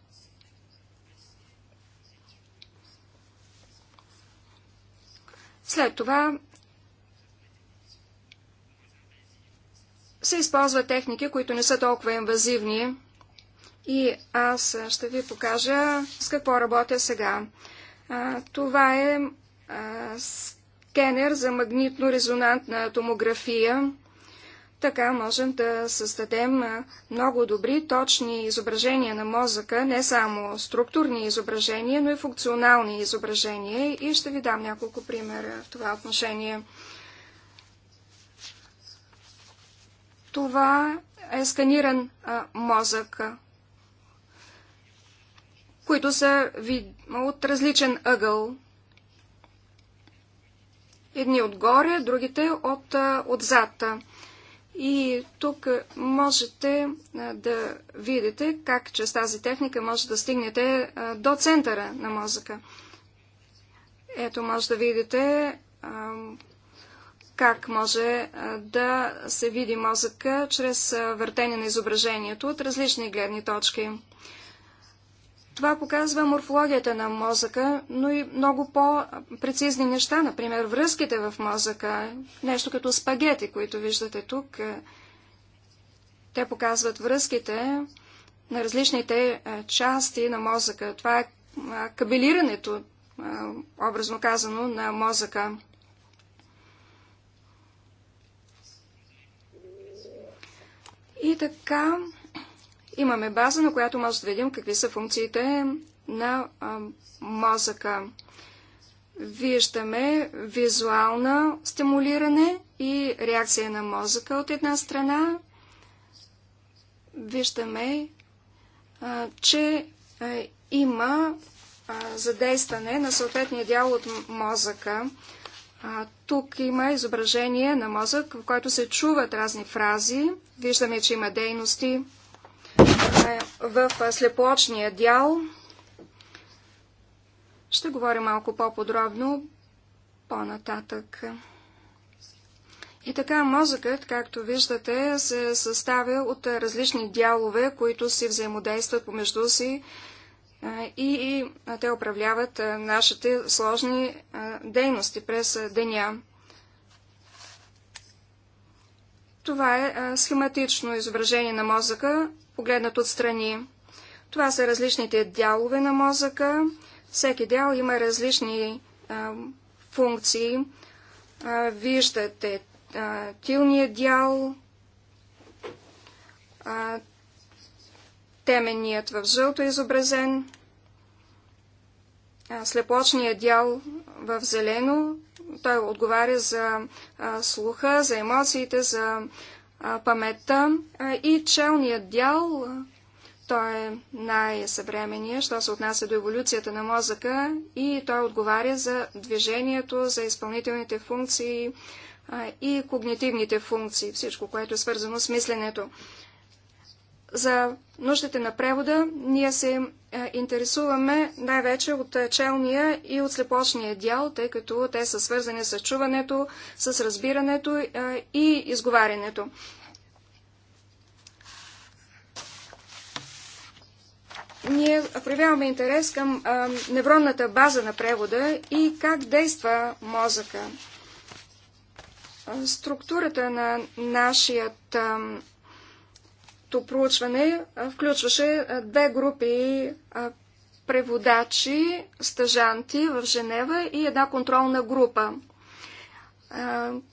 След това се използват техники, които не са толкова инвазивни. И аз ще ви покажа с какво работя сега. А, това е а, с скенер за магнитно-резонантна томография. Така можем да създадем много добри, точни изображения на мозъка, не само структурни изображения, но и функционални изображения. И ще ви дам няколко примера в това отношение. Това е сканиран а, мозък, които са вид... от различен ъгъл едни отгоре, другите от, отзад. И тук можете да видите как чрез тази техника може да стигнете до центъра на мозъка. Ето може да видите как може да се види мозъка чрез въртение на изображението от различни гледни точки. Това показва морфологията на мозъка, но и много по-прецизни неща, например връзките в мозъка, нещо като спагети, които виждате тук. Те показват връзките на различните части на мозъка. Това е кабелирането, образно казано, на мозъка. И така, Имаме база, на която може да видим какви са функциите на а, мозъка. Виждаме визуална стимулиране и реакция на мозъка от една страна. Виждаме, а, че а, има задействане на съответния дял от мозъка. А, тук има изображение на мозък, в който се чуват разни фрази. Виждаме, че има дейности, в слепоочния дял. Ще говоря малко по-подробно по-нататък. И така мозъкът, както виждате, се съставя от различни дялове, които си взаимодействат помежду си и, и те управляват нашите сложни дейности през деня. Това е схематично изображение на мозъка, погледнат отстрани. Това са различните дялове на мозъка. Всеки дял има различни а, функции. А, виждате а, тилния дял, а, в жълто изобразен, а, слепочният дял в зелено, той отговаря за слуха, за емоциите, за паметта и челният дял, той е най-съвременния, що се отнася до еволюцията на мозъка и той отговаря за движението, за изпълнителните функции и когнитивните функции, всичко, което е свързано с мисленето. За нуждите на превода ние се е, интересуваме най-вече от е, челния и от слепочния дял, тъй като те са свързани с чуването, с разбирането е, и изговарянето. ние проявяваме интерес към невронната база на превода и как действа мозъка. Структурата на нашият това проучване включваше две групи преводачи, стъжанти в Женева и една контролна група.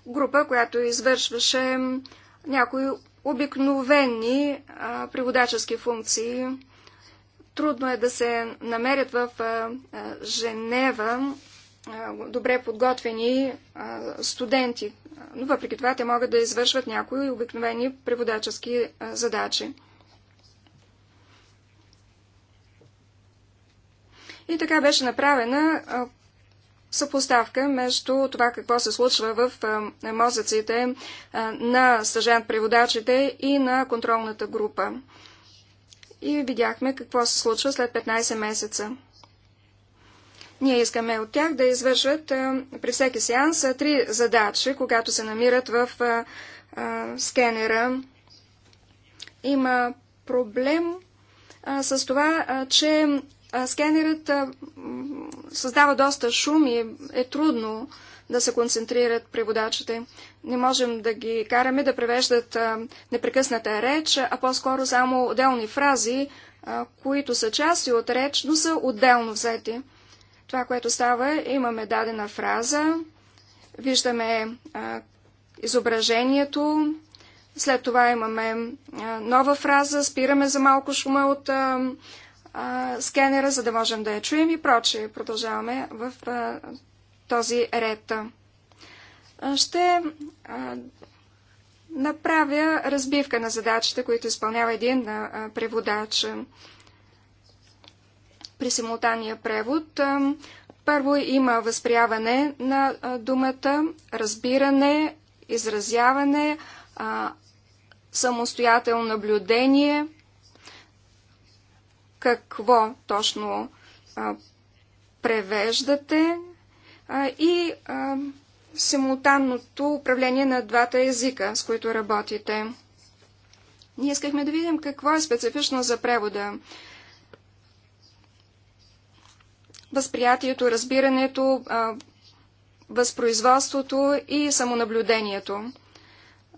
Група, която извършваше някои обикновени преводачески функции. Трудно е да се намерят в Женева добре подготвени студенти, но въпреки това те могат да извършват някои обикновени преводачески задачи. И така беше направена съпоставка между това какво се случва в мозъците на стъжант-преводачите и на контролната група. И видяхме какво се случва след 15 месеца. Ние искаме от тях да извършват при всеки сеанс три задачи, когато се намират в скенера. Има проблем с това, че скенерът създава доста шум и е трудно да се концентрират преводачите. Не можем да ги караме да превеждат непрекъсната реч, а по-скоро само отделни фрази, които са части от реч, но са отделно взети. Това, което става, имаме дадена фраза, виждаме а, изображението, след това имаме а, нова фраза, спираме за малко шума от а, а, скенера, за да можем да я чуем и прочее. Продължаваме в а, този ред. Ще а, направя разбивка на задачите, които изпълнява един а, преводач при симултанния превод. Първо има възприяване на думата, разбиране, изразяване, самостоятелно наблюдение, какво точно превеждате и симултанното управление на двата езика, с които работите. Ние искахме да видим какво е специфично за превода възприятието, разбирането, възпроизводството и самонаблюдението.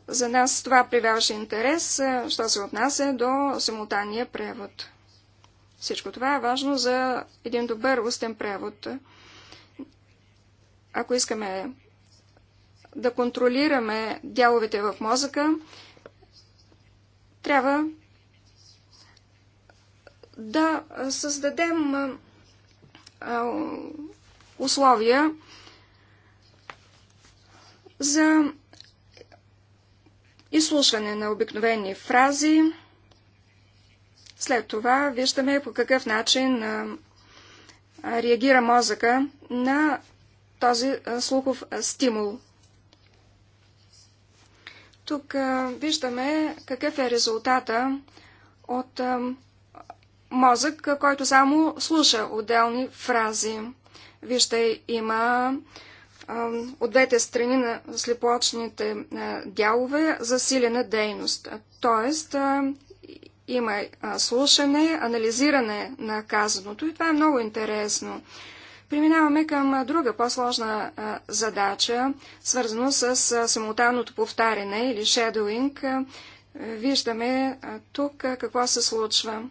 За нас това привяваше интерес, що се отнася до симултанния превод. Всичко това е важно за един добър устен превод. Ако искаме да контролираме дяловете в мозъка, трябва да създадем условия за изслушване на обикновени фрази. След това виждаме по какъв начин реагира мозъка на този слухов стимул. Тук виждаме какъв е резултата от мозък, който само слуша отделни фрази. Вижте, има от двете страни на слепоочните дялове засилена дейност. Тоест, има слушане, анализиране на казаното и това е много интересно. Преминаваме към друга по-сложна задача, свързано с самоталното повтаряне или shadowing. Виждаме тук какво се случва.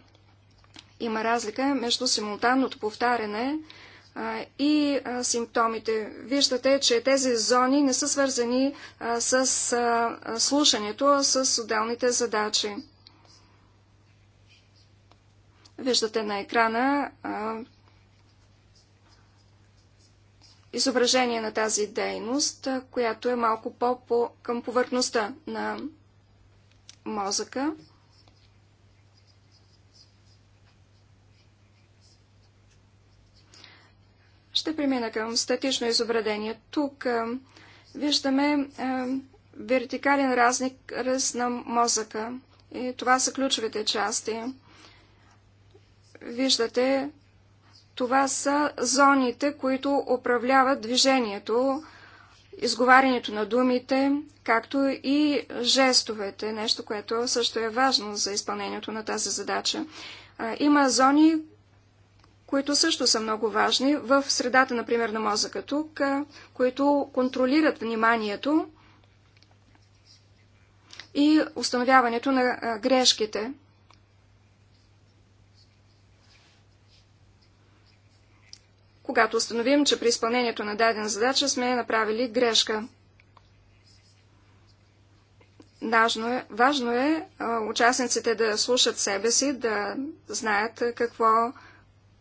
Има разлика между симултанното повтаряне и симптомите. Виждате, че тези зони не са свързани с слушането, а с отделните задачи. Виждате на екрана изображение на тази дейност, която е малко по-към повърхността на мозъка. Ще премина към статично изобретение. Тук а, виждаме а, вертикален разник ръст на мозъка. И това са ключовите части. Виждате, това са зоните, които управляват движението, изговарянето на думите, както и жестовете, нещо, което също е важно за изпълнението на тази задача. Има зони, които също са много важни в средата, например, на мозъка тук, които контролират вниманието и установяването на грешките. Когато установим, че при изпълнението на дадена задача сме направили грешка. Важно е, важно е участниците да слушат себе си, да знаят какво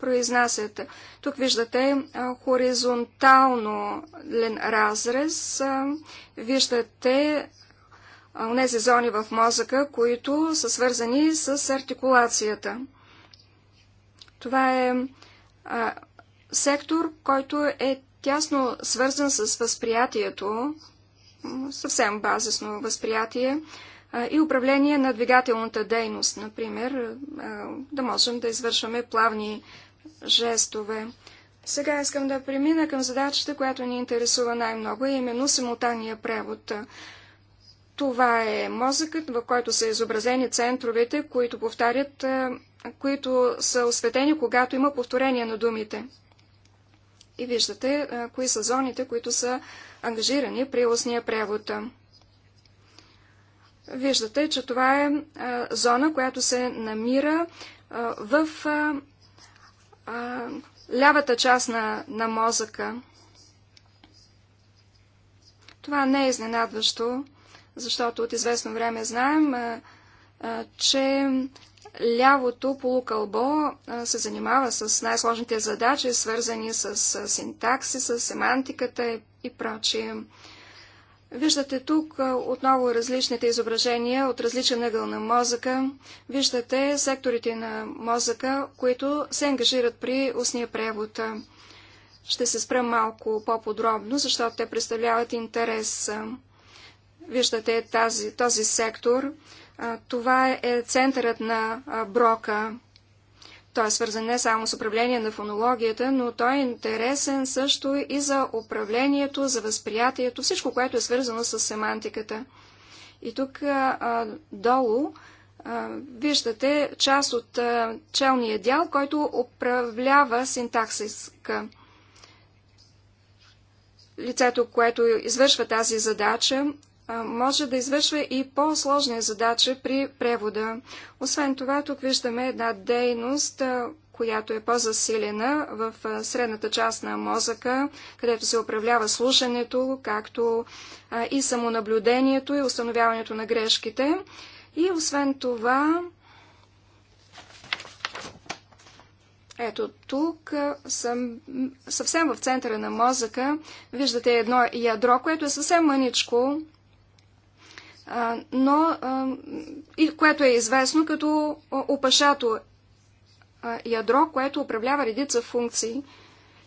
произнасят. Тук виждате хоризонтално разрез, виждате тези зони в мозъка, които са свързани с артикулацията. Това е сектор, който е тясно свързан с възприятието, съвсем базисно възприятие и управление на двигателната дейност, например, да можем да извършваме плавни жестове. Сега искам да премина към задачата, която ни интересува най-много, е именно симултанния превод. Това е мозъкът, в който са изобразени центровете, които повтарят, които са осветени, когато има повторение на думите. И виждате, кои са зоните, които са ангажирани при устния превод. Виждате, че това е зона, която се намира в а, лявата част на, на мозъка. Това не е изненадващо, защото от известно време знаем, а, а, че лявото полукълбо а, се занимава с най-сложните задачи, свързани с, с синтакси, с семантиката и, и прочие. Виждате тук отново различните изображения от различен ъгъл на мозъка. Виждате секторите на мозъка, които се ангажират при устния превод. Ще се спра малко по-подробно, защото те представляват интерес. Виждате тази, този сектор. Това е центърът на брока. Той е свързан не само с управление на фонологията, но той е интересен също и за управлението, за възприятието, всичко, което е свързано с семантиката. И тук а, долу а, виждате част от а, челния дял, който управлява синтаксиска. Лицето, което извършва тази задача, може да извършва и по-сложни задачи при превода. Освен това, тук виждаме една дейност, която е по-засилена в средната част на мозъка, където се управлява слушането, както и самонаблюдението и установяването на грешките. И освен това, ето тук, съм, съвсем в центъра на мозъка, виждате едно ядро, което е съвсем мъничко, но и което е известно като опашато ядро, което управлява редица функции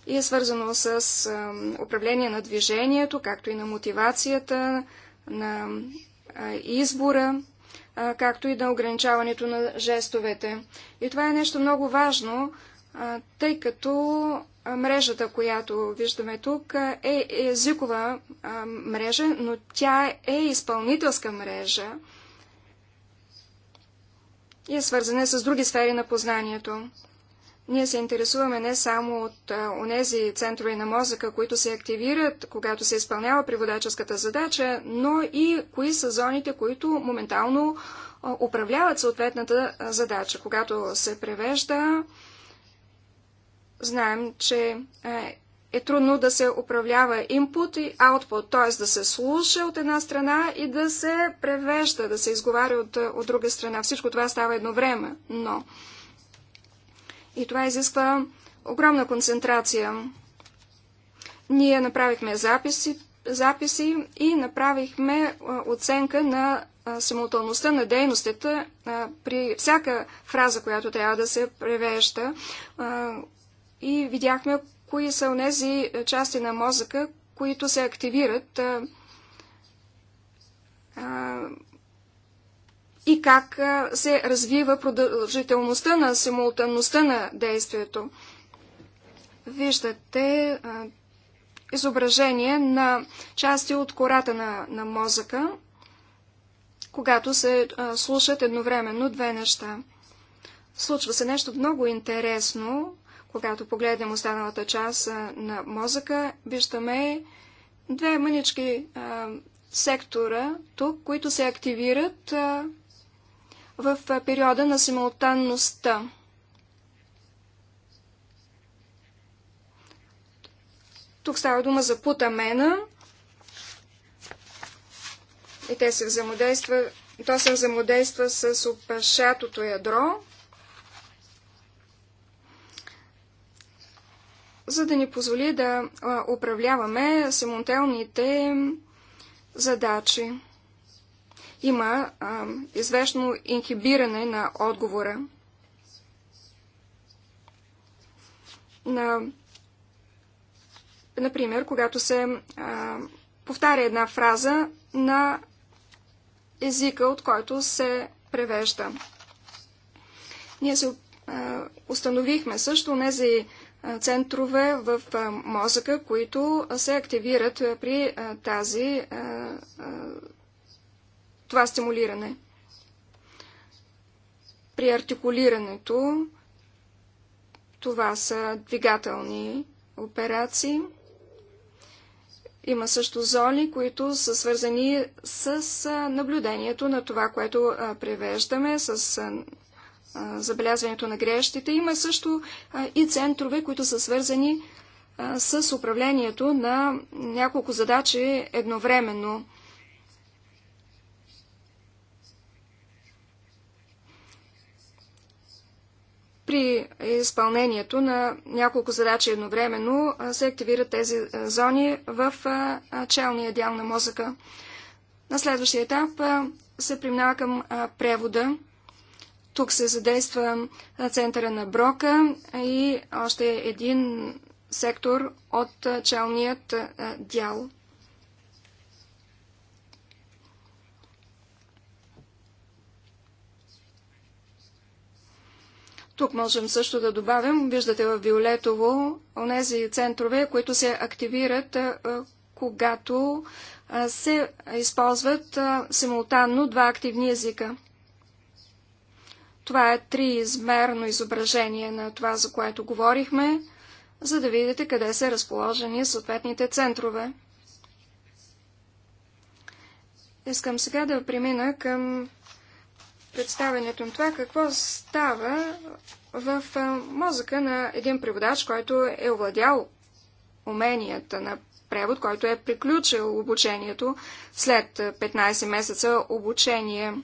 и е свързано с управление на движението, както и на мотивацията, на избора, както и на ограничаването на жестовете. И това е нещо много важно, тъй като мрежата, която виждаме тук, е езикова мрежа, но тя е изпълнителска мрежа и е свързана с други сфери на познанието. Ние се интересуваме не само от онези центрове на мозъка, които се активират, когато се изпълнява преводаческата задача, но и кои са зоните, които моментално управляват съответната задача. Когато се превежда, знаем, че е, е трудно да се управлява input и output, т.е. да се слуша от една страна и да се превежда, да се изговаря от, от друга страна. Всичко това става едновременно. Но... И това изисква огромна концентрация. Ние направихме записи, записи и направихме е, оценка на е, самотълността на дейностите при всяка фраза, която трябва да се превежда и видяхме кои са тези части на мозъка, които се активират а, а, и как а, се развива продължителността на симултанността на действието. Виждате а, изображение на части от кората на, на мозъка, когато се а, слушат едновременно две неща. Случва се нещо много интересно, когато погледнем останалата част на мозъка, виждаме две мънички а, сектора тук, които се активират а, в периода на симултанността. Тук става дума за путамена и те се взаимодейства, то се взаимодейства с опашатото ядро. за да ни позволи да управляваме самотелните задачи. Има а, известно инхибиране на отговора. На, например, когато се а, повтаря една фраза на езика, от който се превежда. Ние се а, установихме също тези центрове в мозъка, които се активират при тази, това стимулиране. При артикулирането това са двигателни операции. Има също зони, които са свързани с наблюдението на това, което превеждаме, с забелязването на грешките. Има също и центрове, които са свързани с управлението на няколко задачи едновременно. При изпълнението на няколко задачи едновременно се активират тези зони в челния дял на мозъка. На следващия етап се преминава към превода. Тук се задейства центъра на Брока и още един сектор от челният дял. Тук можем също да добавим, виждате в Виолетово, онези центрове, които се активират, когато се използват симултанно два активни езика. Това е триизмерно изображение на това, за което говорихме, за да видите къде са разположени съответните центрове. Искам сега да премина към представянето на това, какво става в мозъка на един преводач, който е овладял уменията на превод, който е приключил обучението след 15 месеца обучение –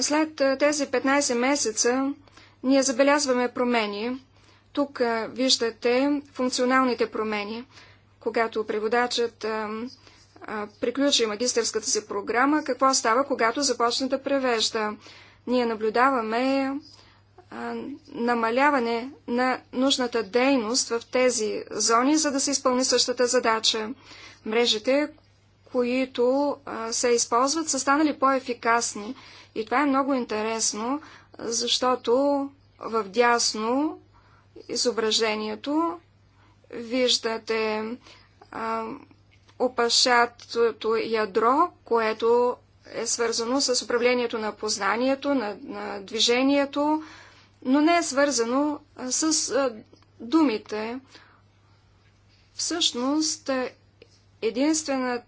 След тези 15 месеца ние забелязваме промени. Тук виждате функционалните промени. Когато преводачът а, а, приключи магистърската си програма, какво става, когато започне да превежда? Ние наблюдаваме а, намаляване на нужната дейност в тези зони, за да се изпълни същата задача. Мрежите, които се използват, са станали по-ефикасни и това е много интересно, защото в дясно изображението виждате а, опашатото ядро, което е свързано с управлението на познанието, на, на движението, но не е свързано с а, думите. Всъщност, единственият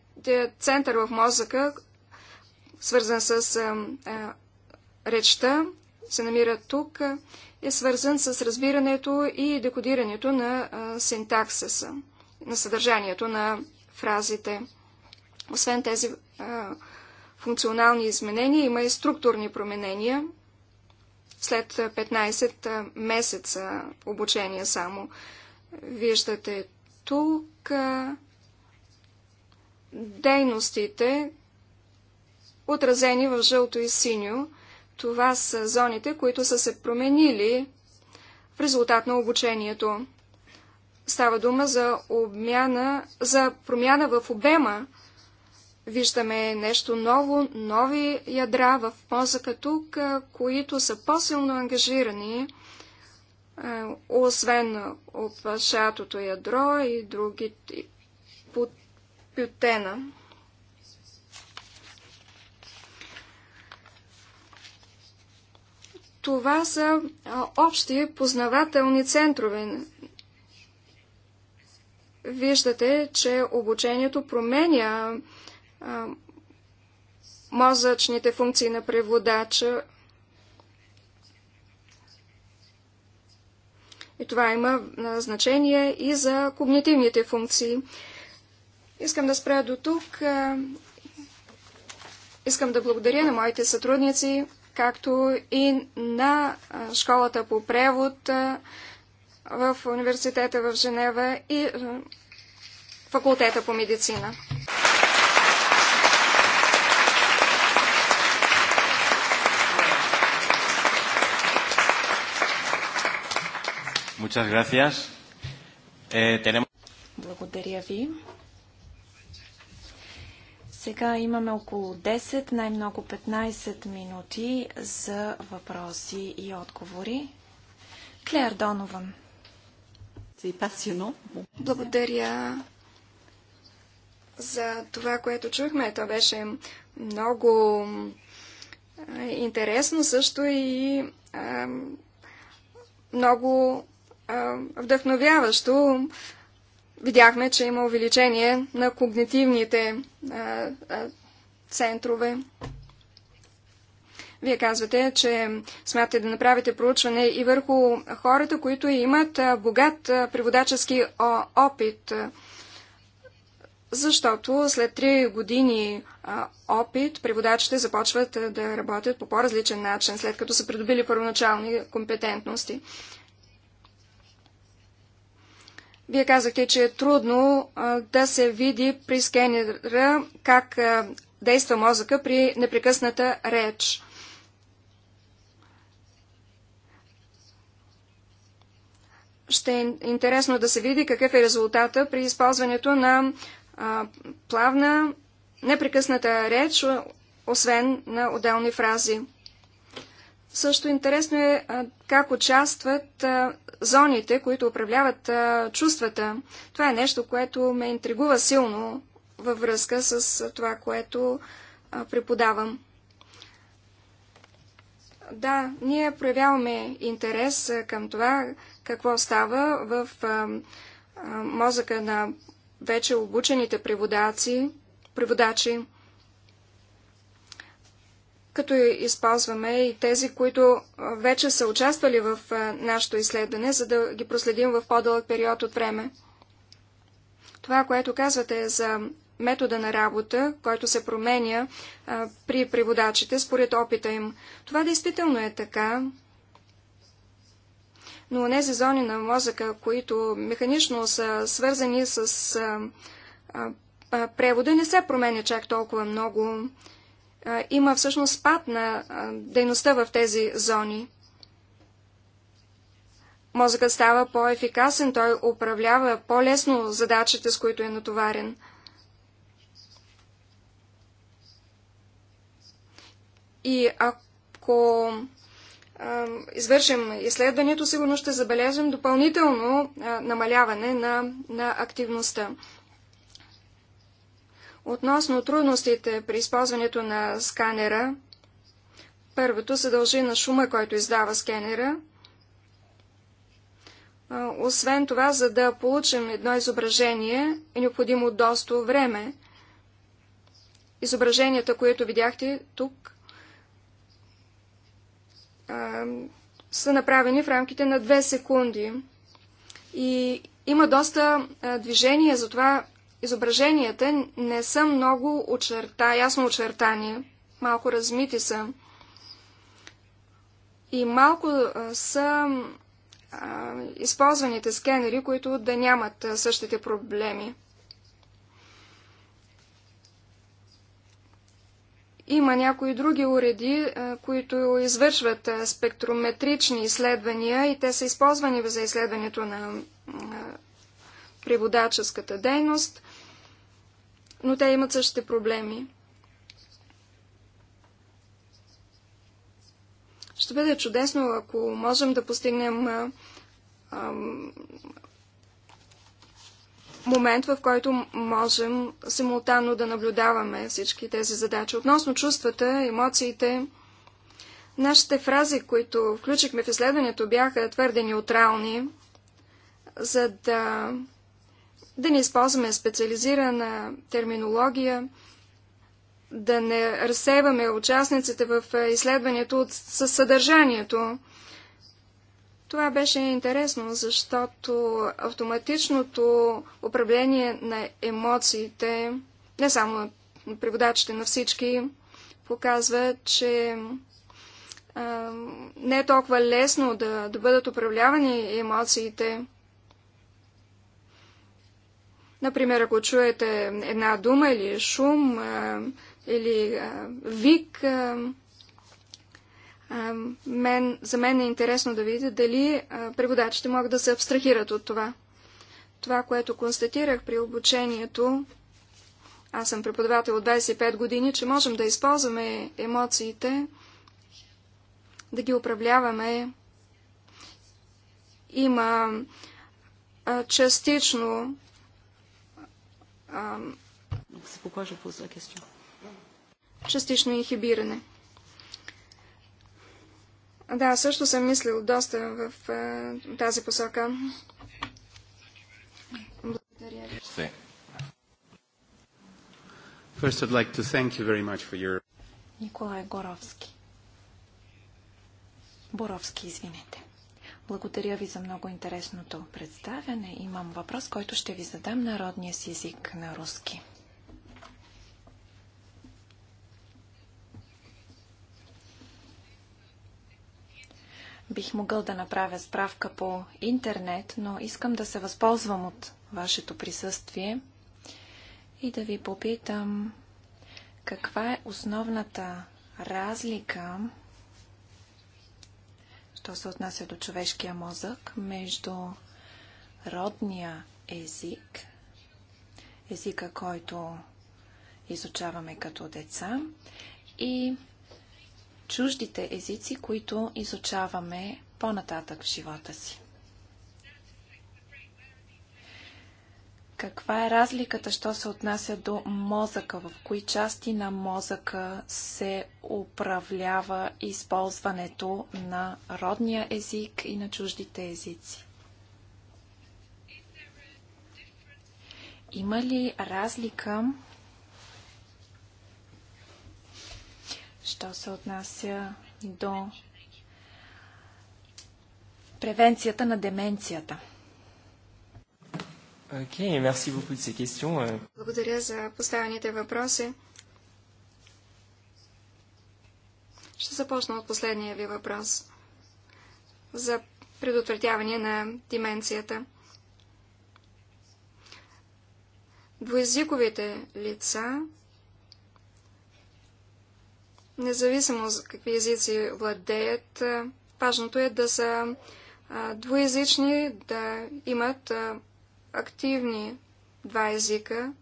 център в мозъка, свързан с а, речта, се намира тук, е свързан с разбирането и декодирането на синтаксиса, на съдържанието на фразите. Освен тези а, функционални изменения, има и структурни променения след 15 месеца обучение само. Виждате тук а, дейностите, отразени в жълто и синьо. Това са зоните, които са се променили в резултат на обучението. Става дума за, обмяна, за промяна в обема. Виждаме нещо ново, нови ядра в мозъка тук, които са по-силно ангажирани, освен обшатото, ядро и под пютена. Това са общи познавателни центрове. Виждате, че обучението променя мозъчните функции на преводача. И това има значение и за когнитивните функции. Искам да спря до тук. Искам да благодаря на моите сътрудници, както и на школата по превод в университета в Женева и факултета по медицина. Eh, Благодаря ви. Сега имаме около 10, най-много 15 минути за въпроси и отговори. Клер Донован. Е Благодаря за това, което чухме. То беше много интересно също и много вдъхновяващо видяхме, че има увеличение на когнитивните а, а, центрове. Вие казвате, че смятате да направите проучване и върху хората, които имат богат преводачески опит. Защото след 3 години опит преводачите започват да работят по по-различен начин, след като са придобили първоначални компетентности. Вие казахте, че е трудно а, да се види при скенера как а, действа мозъка при непрекъсната реч. Ще е интересно да се види какъв е резултата при използването на а, плавна непрекъсната реч, освен на отделни фрази. Също интересно е как участват зоните, които управляват чувствата. Това е нещо, което ме интригува силно във връзка с това, което преподавам. Да, ние проявяваме интерес към това, какво става в мозъка на вече обучените преводачи като използваме и тези, които вече са участвали в нашето изследване, за да ги проследим в по-дълъг период от време. Това, което казвате е за метода на работа, който се променя при преводачите според опита им. Това действително е така, но тези зони на мозъка, които механично са свързани с превода, не се променя чак толкова много има всъщност спад на дейността в тези зони. Мозъкът става по-ефикасен, той управлява по-лесно задачите, с които е натоварен. И ако а, извършим изследването, сигурно ще забележим допълнително а, намаляване на, на активността. Относно трудностите при използването на сканера, първото се дължи на шума, който издава сканера. Освен това, за да получим едно изображение, е необходимо доста време. Изображенията, които видяхте тук, са направени в рамките на 2 секунди. И има доста движение, затова изображенията не са много очерта, ясно очертания, малко размити са. И малко са а, използваните скенери, които да нямат а, същите проблеми. Има някои други уреди, които извършват спектрометрични изследвания и те са използвани за изследването на преводаческата дейност но те имат същите проблеми. Ще бъде чудесно, ако можем да постигнем а, а, момент, в който можем симултанно да наблюдаваме всички тези задачи. Относно чувствата, емоциите, нашите фрази, които включихме в изследването, бяха твърде неутрални, за да да не използваме специализирана терминология, да не разсейваме участниците в е, изследването със съдържанието. Това беше интересно, защото автоматичното управление на емоциите, не само на преводачите, на всички, показва, че а, не е толкова лесно да, да бъдат управлявани емоциите. Например, ако чуете една дума или шум или вик, мен, за мен е интересно да видите дали преводачите могат да се абстрахират от това. Това, което констатирах при обучението, аз съм преподавател от 25 години, че можем да използваме емоциите, да ги управляваме. Има частично частично инхибиране. Да, също съм мислил доста в а, тази посока. Благодаря ви. First, I'd like to thank you very much for your... Николай Горовски. Боровски, извинете. Благодаря ви за много интересното представяне. Имам въпрос, който ще ви задам народния си език на руски. Бих могъл да направя справка по интернет, но искам да се възползвам от вашето присъствие и да ви попитам каква е основната разлика що се отнася до човешкия мозък, между родния език, езика, който изучаваме като деца, и чуждите езици, които изучаваме по-нататък в живота си. Каква е разликата, що се отнася до мозъка? В кои части на мозъка се управлява използването на родния език и на чуждите езици? Има ли разлика, що се отнася до превенцията на деменцията? Okay, merci beaucoup de ces questions. Euh. Благодаря за поставените въпроси. Ще започна от последния ви въпрос за предотвратяване на деменцията. Двоязиковите лица, независимо за какви езици владеят, важното е да са двоязични, да имат активни два езика.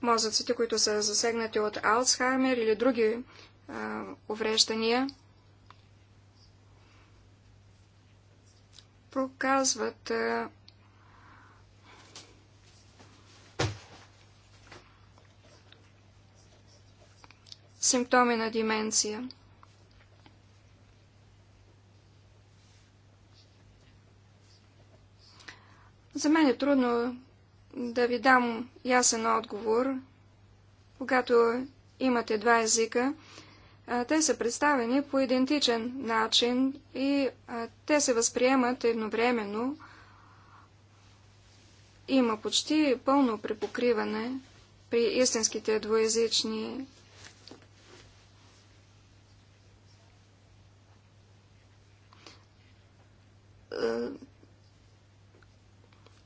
Мозъците, които са засегнати от Алцхаймер или други а, увреждания, проказват а, симптоми на деменция. За мен е трудно да ви дам ясен отговор, когато имате два езика. Те са представени по идентичен начин и те се възприемат едновременно. Има почти пълно препокриване при истинските двоязични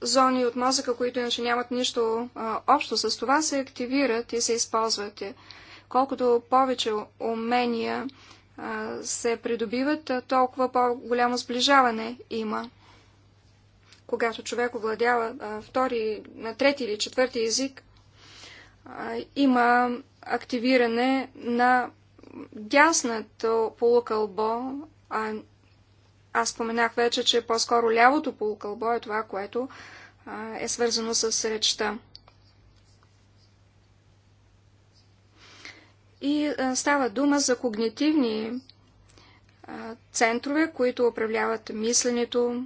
зони от мозъка, които иначе нямат нищо а, общо с това, се активират и се използват. Колкото повече умения а, се придобиват, толкова по-голямо сближаване има. Когато човек овладява а, втори, на трети или четвърти език, а, има активиране на дясната полукълбо, а аз споменах вече, че по-скоро лявото полукълбо е това, което а, е свързано с речта. И а, става дума за когнитивни а, центрове, които управляват мисленето.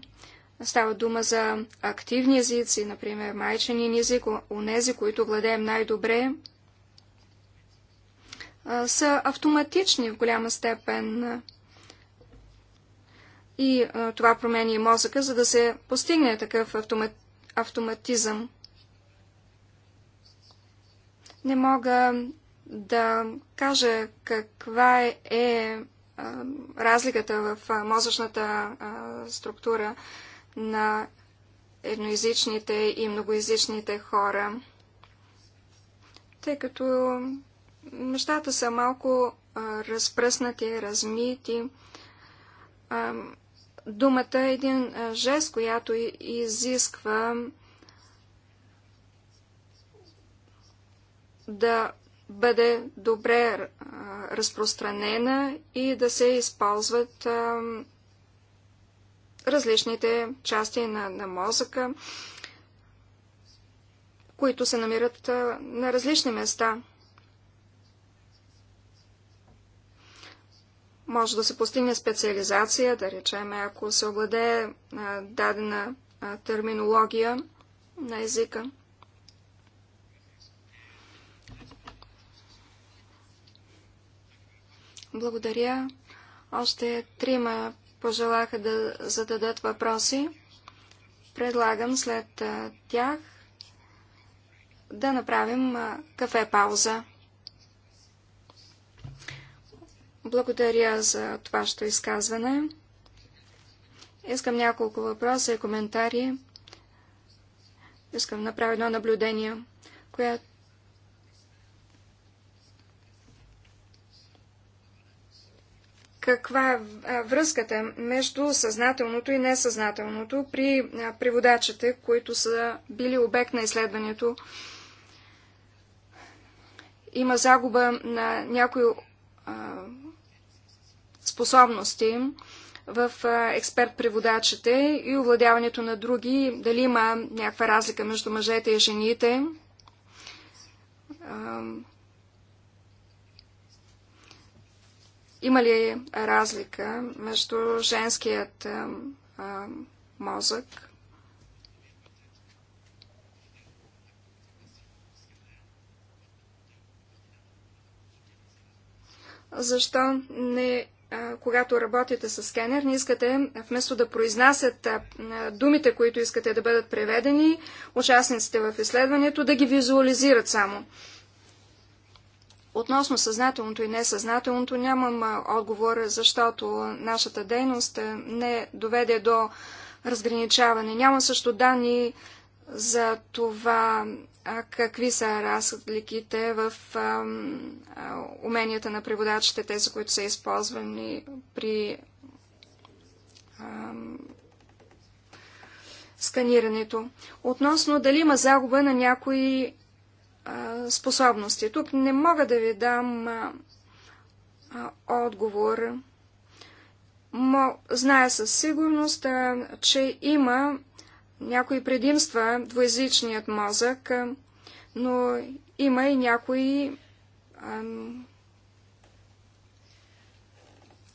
Става дума за активни езици, например майчен език, унези, които владеем най-добре, са автоматични в голяма степен. И а, това промени и мозъка, за да се постигне такъв автомат... автоматизъм. Не мога да кажа каква е, е разликата в мозъчната а, структура на едноязичните и многоязичните хора, тъй като нещата са малко а, разпръснати, размити. А, думата е един жест, която изисква да бъде добре разпространена и да се използват различните части на, на мозъка, които се намират на различни места – може да се постигне специализация, да речем, ако се обладе дадена терминология на езика. Благодаря. Още трима пожелаха да зададат въпроси. Предлагам след тях да направим кафе-пауза. Благодаря за това що изказване. Искам няколко въпроса и коментари. Искам да направя едно наблюдение, което каква е връзката между съзнателното и несъзнателното при преводачите, които са били обект на изследването. Има загуба на някои способности в експерт-преводачите и овладяването на други, дали има някаква разлика между мъжете и жените. Има ли разлика между женският мозък? Защо не когато работите с скенер, не искате, вместо да произнасят думите, които искате да бъдат преведени, участниците в изследването да ги визуализират само. Относно съзнателното и несъзнателното нямам отговор, защото нашата дейност не доведе до разграничаване. Няма също данни за това какви са разликите в ам, уменията на преводачите, тези, които са използвани при ам, сканирането. Относно дали има загуба на някои а, способности. Тук не мога да ви дам а, отговор. Мо, зная със сигурност, че има някои предимства двоязичният мозък, но има и някои а,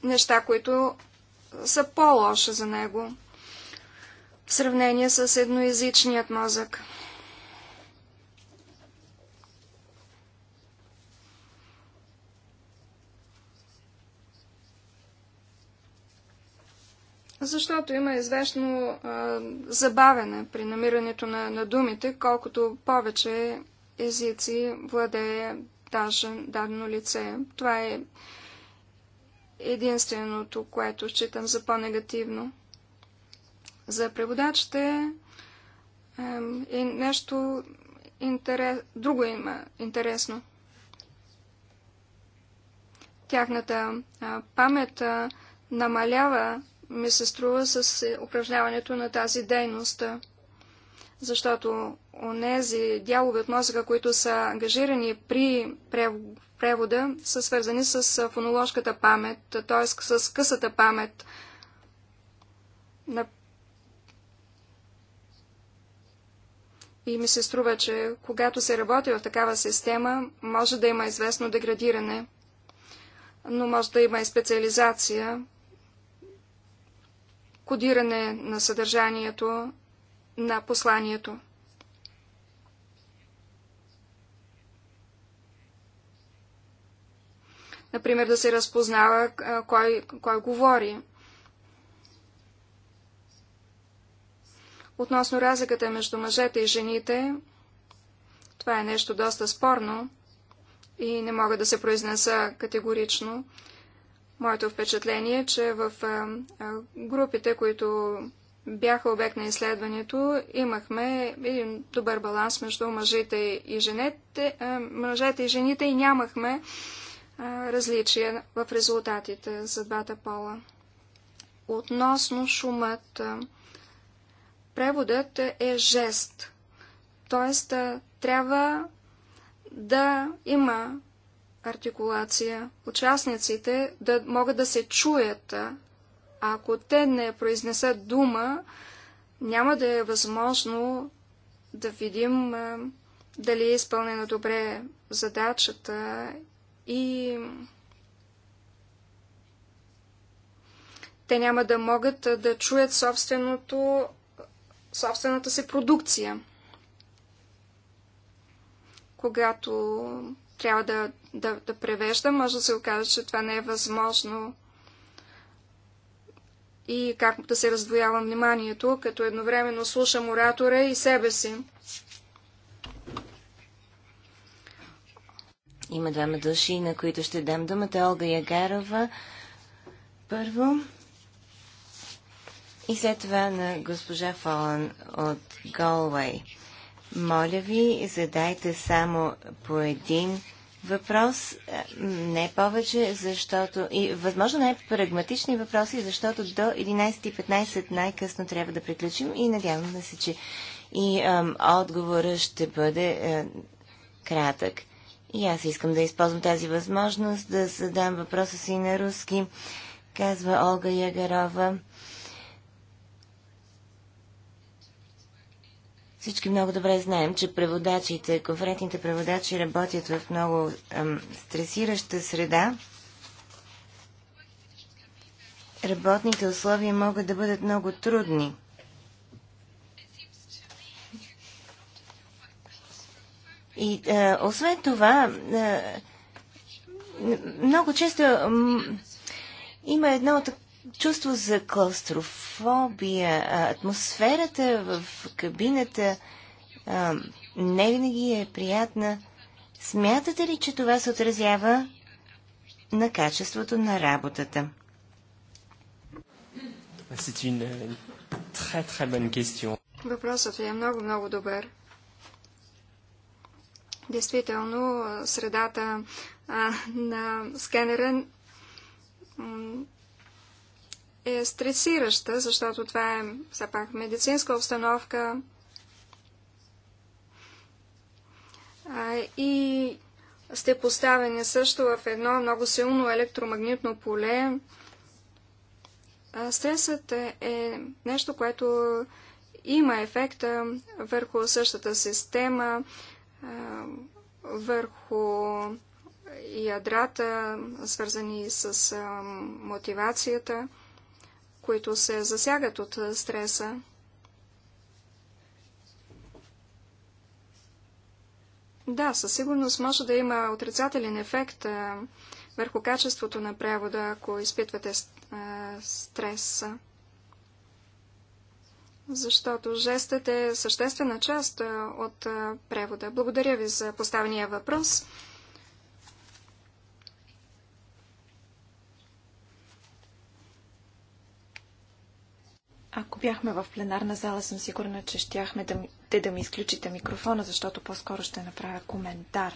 неща, които са по-лоши за него в сравнение с едноязичният мозък. защото има известно а, забавене при намирането на, на думите, колкото повече езици владее даже дадено лице. Това е единственото, което считам за по-негативно. За преводачите е нещо интерес... друго има интересно. Тяхната памет намалява ми се струва с упражняването на тази дейност. Защото онези дялове от мозъка, които са ангажирани при превода, са свързани с фоноложката памет, т.е. с късата памет. И ми се струва, че когато се работи в такава система, може да има известно деградиране, но може да има и специализация кодиране на съдържанието на посланието. Например, да се разпознава кой, кой говори. Относно разликата между мъжете и жените, това е нещо доста спорно и не мога да се произнеса категорично. Моето впечатление е, че в групите, които бяха обект на изследването, имахме един добър баланс между мъжете и женете, мъжете и жените и нямахме различия в резултатите за двата пола. Относно шумът, преводът е жест, т.е. трябва да има артикулация, участниците да могат да се чуят. ако те не произнесат дума, няма да е възможно да видим дали е изпълнена добре задачата и те няма да могат да чуят собственото, собствената си продукция. Когато трябва да да, да превеждам, може да се окаже, че това не е възможно. И как да се раздвоява вниманието, като едновременно слушам оратора и себе си. Има двама души, на които ще дам думата. Олга Ягарова първо и след това на госпожа Фолан от Голвей. Моля ви, задайте само по един въпрос, е, не повече, защото и възможно най-прагматични въпроси, защото до 11.15 най-късно трябва да приключим и надявам се, че и ам, отговора ще бъде а, е, кратък. И аз искам да използвам тази възможност да задам въпроса си на руски, казва Олга Ягарова. Всички много добре знаем, че преводачите, конферентните преводачи работят в много ам, стресираща среда. Работните условия могат да бъдат много трудни. И а, освен това, а, много често а, има едно чувство за клаустрофобия. Атмосферата в кабината а, не винаги е приятна. Смятате ли, че това се отразява на качеството на работата? Въпросът ви е много-много добър. Действително, средата а, на скенера е стресираща, защото това е все пак медицинска обстановка. А, и сте поставени също в едно много силно електромагнитно поле. А, стресът е, е нещо, което има ефекта върху същата система, а, върху ядрата, свързани с а, мотивацията които се засягат от стреса. Да, със сигурност може да има отрицателен ефект върху качеството на превода, ако изпитвате стрес. Защото жестът е съществена част от превода. Благодаря ви за поставения въпрос. Ако бяхме в пленарна зала, съм сигурна, че щяхме да, те да ми изключите микрофона, защото по-скоро ще направя коментар.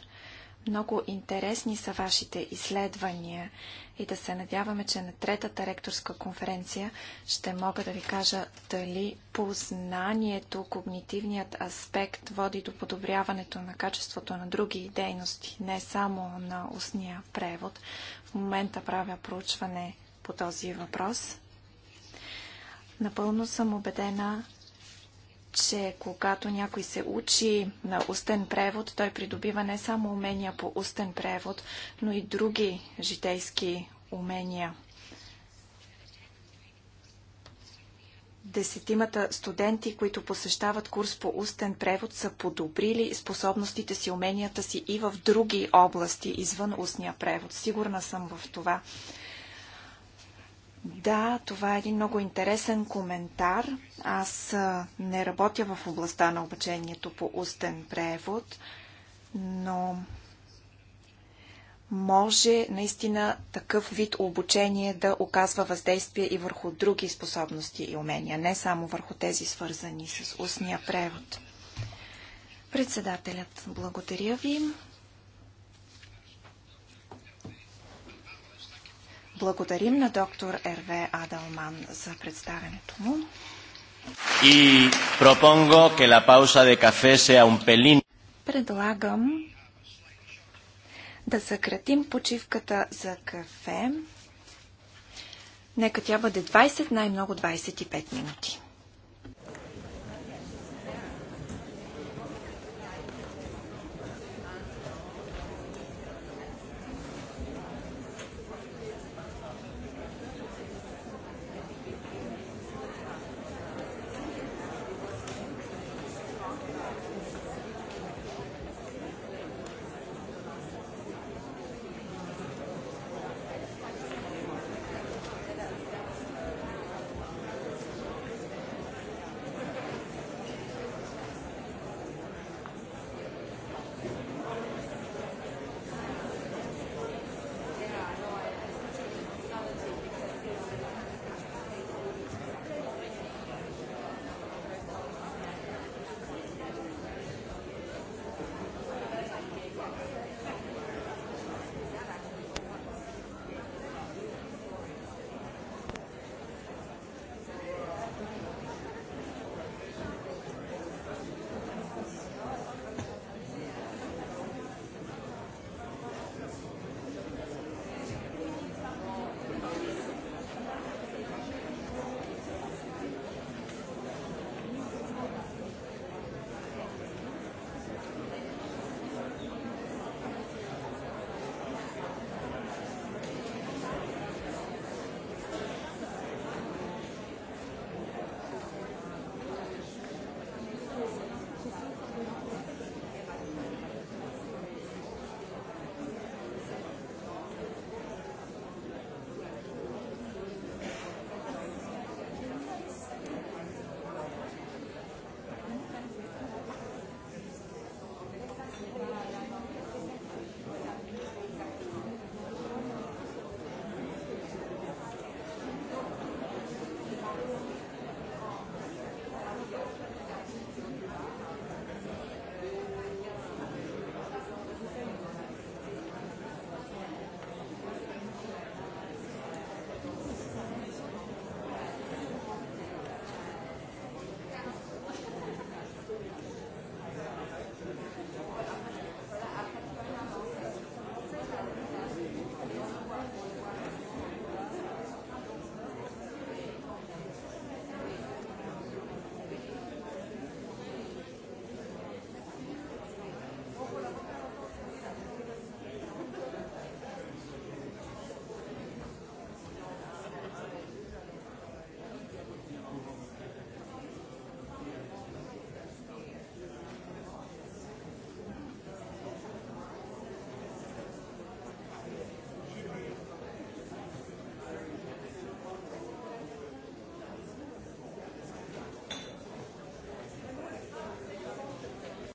Много интересни са вашите изследвания и да се надяваме, че на третата ректорска конференция ще мога да ви кажа дали познанието, когнитивният аспект води до подобряването на качеството на други дейности, не само на устния превод. В момента правя проучване по този въпрос. Напълно съм убедена, че когато някой се учи на устен превод, той придобива не само умения по устен превод, но и други житейски умения. Десетимата студенти, които посещават курс по устен превод, са подобрили способностите си, уменията си и в други области извън устния превод. Сигурна съм в това. Да, това е един много интересен коментар. Аз не работя в областта на обучението по устен превод, но може наистина такъв вид обучение да оказва въздействие и върху други способности и умения, не само върху тези свързани с устния превод. Председателят, благодаря ви. Благодарим на доктор Ерве Адалман за представенето му. И propongo que la pausa de café sea un pelín. Предлагам да съкратим почивката за кафе. Нека тя бъде 20, най-много 25 минути.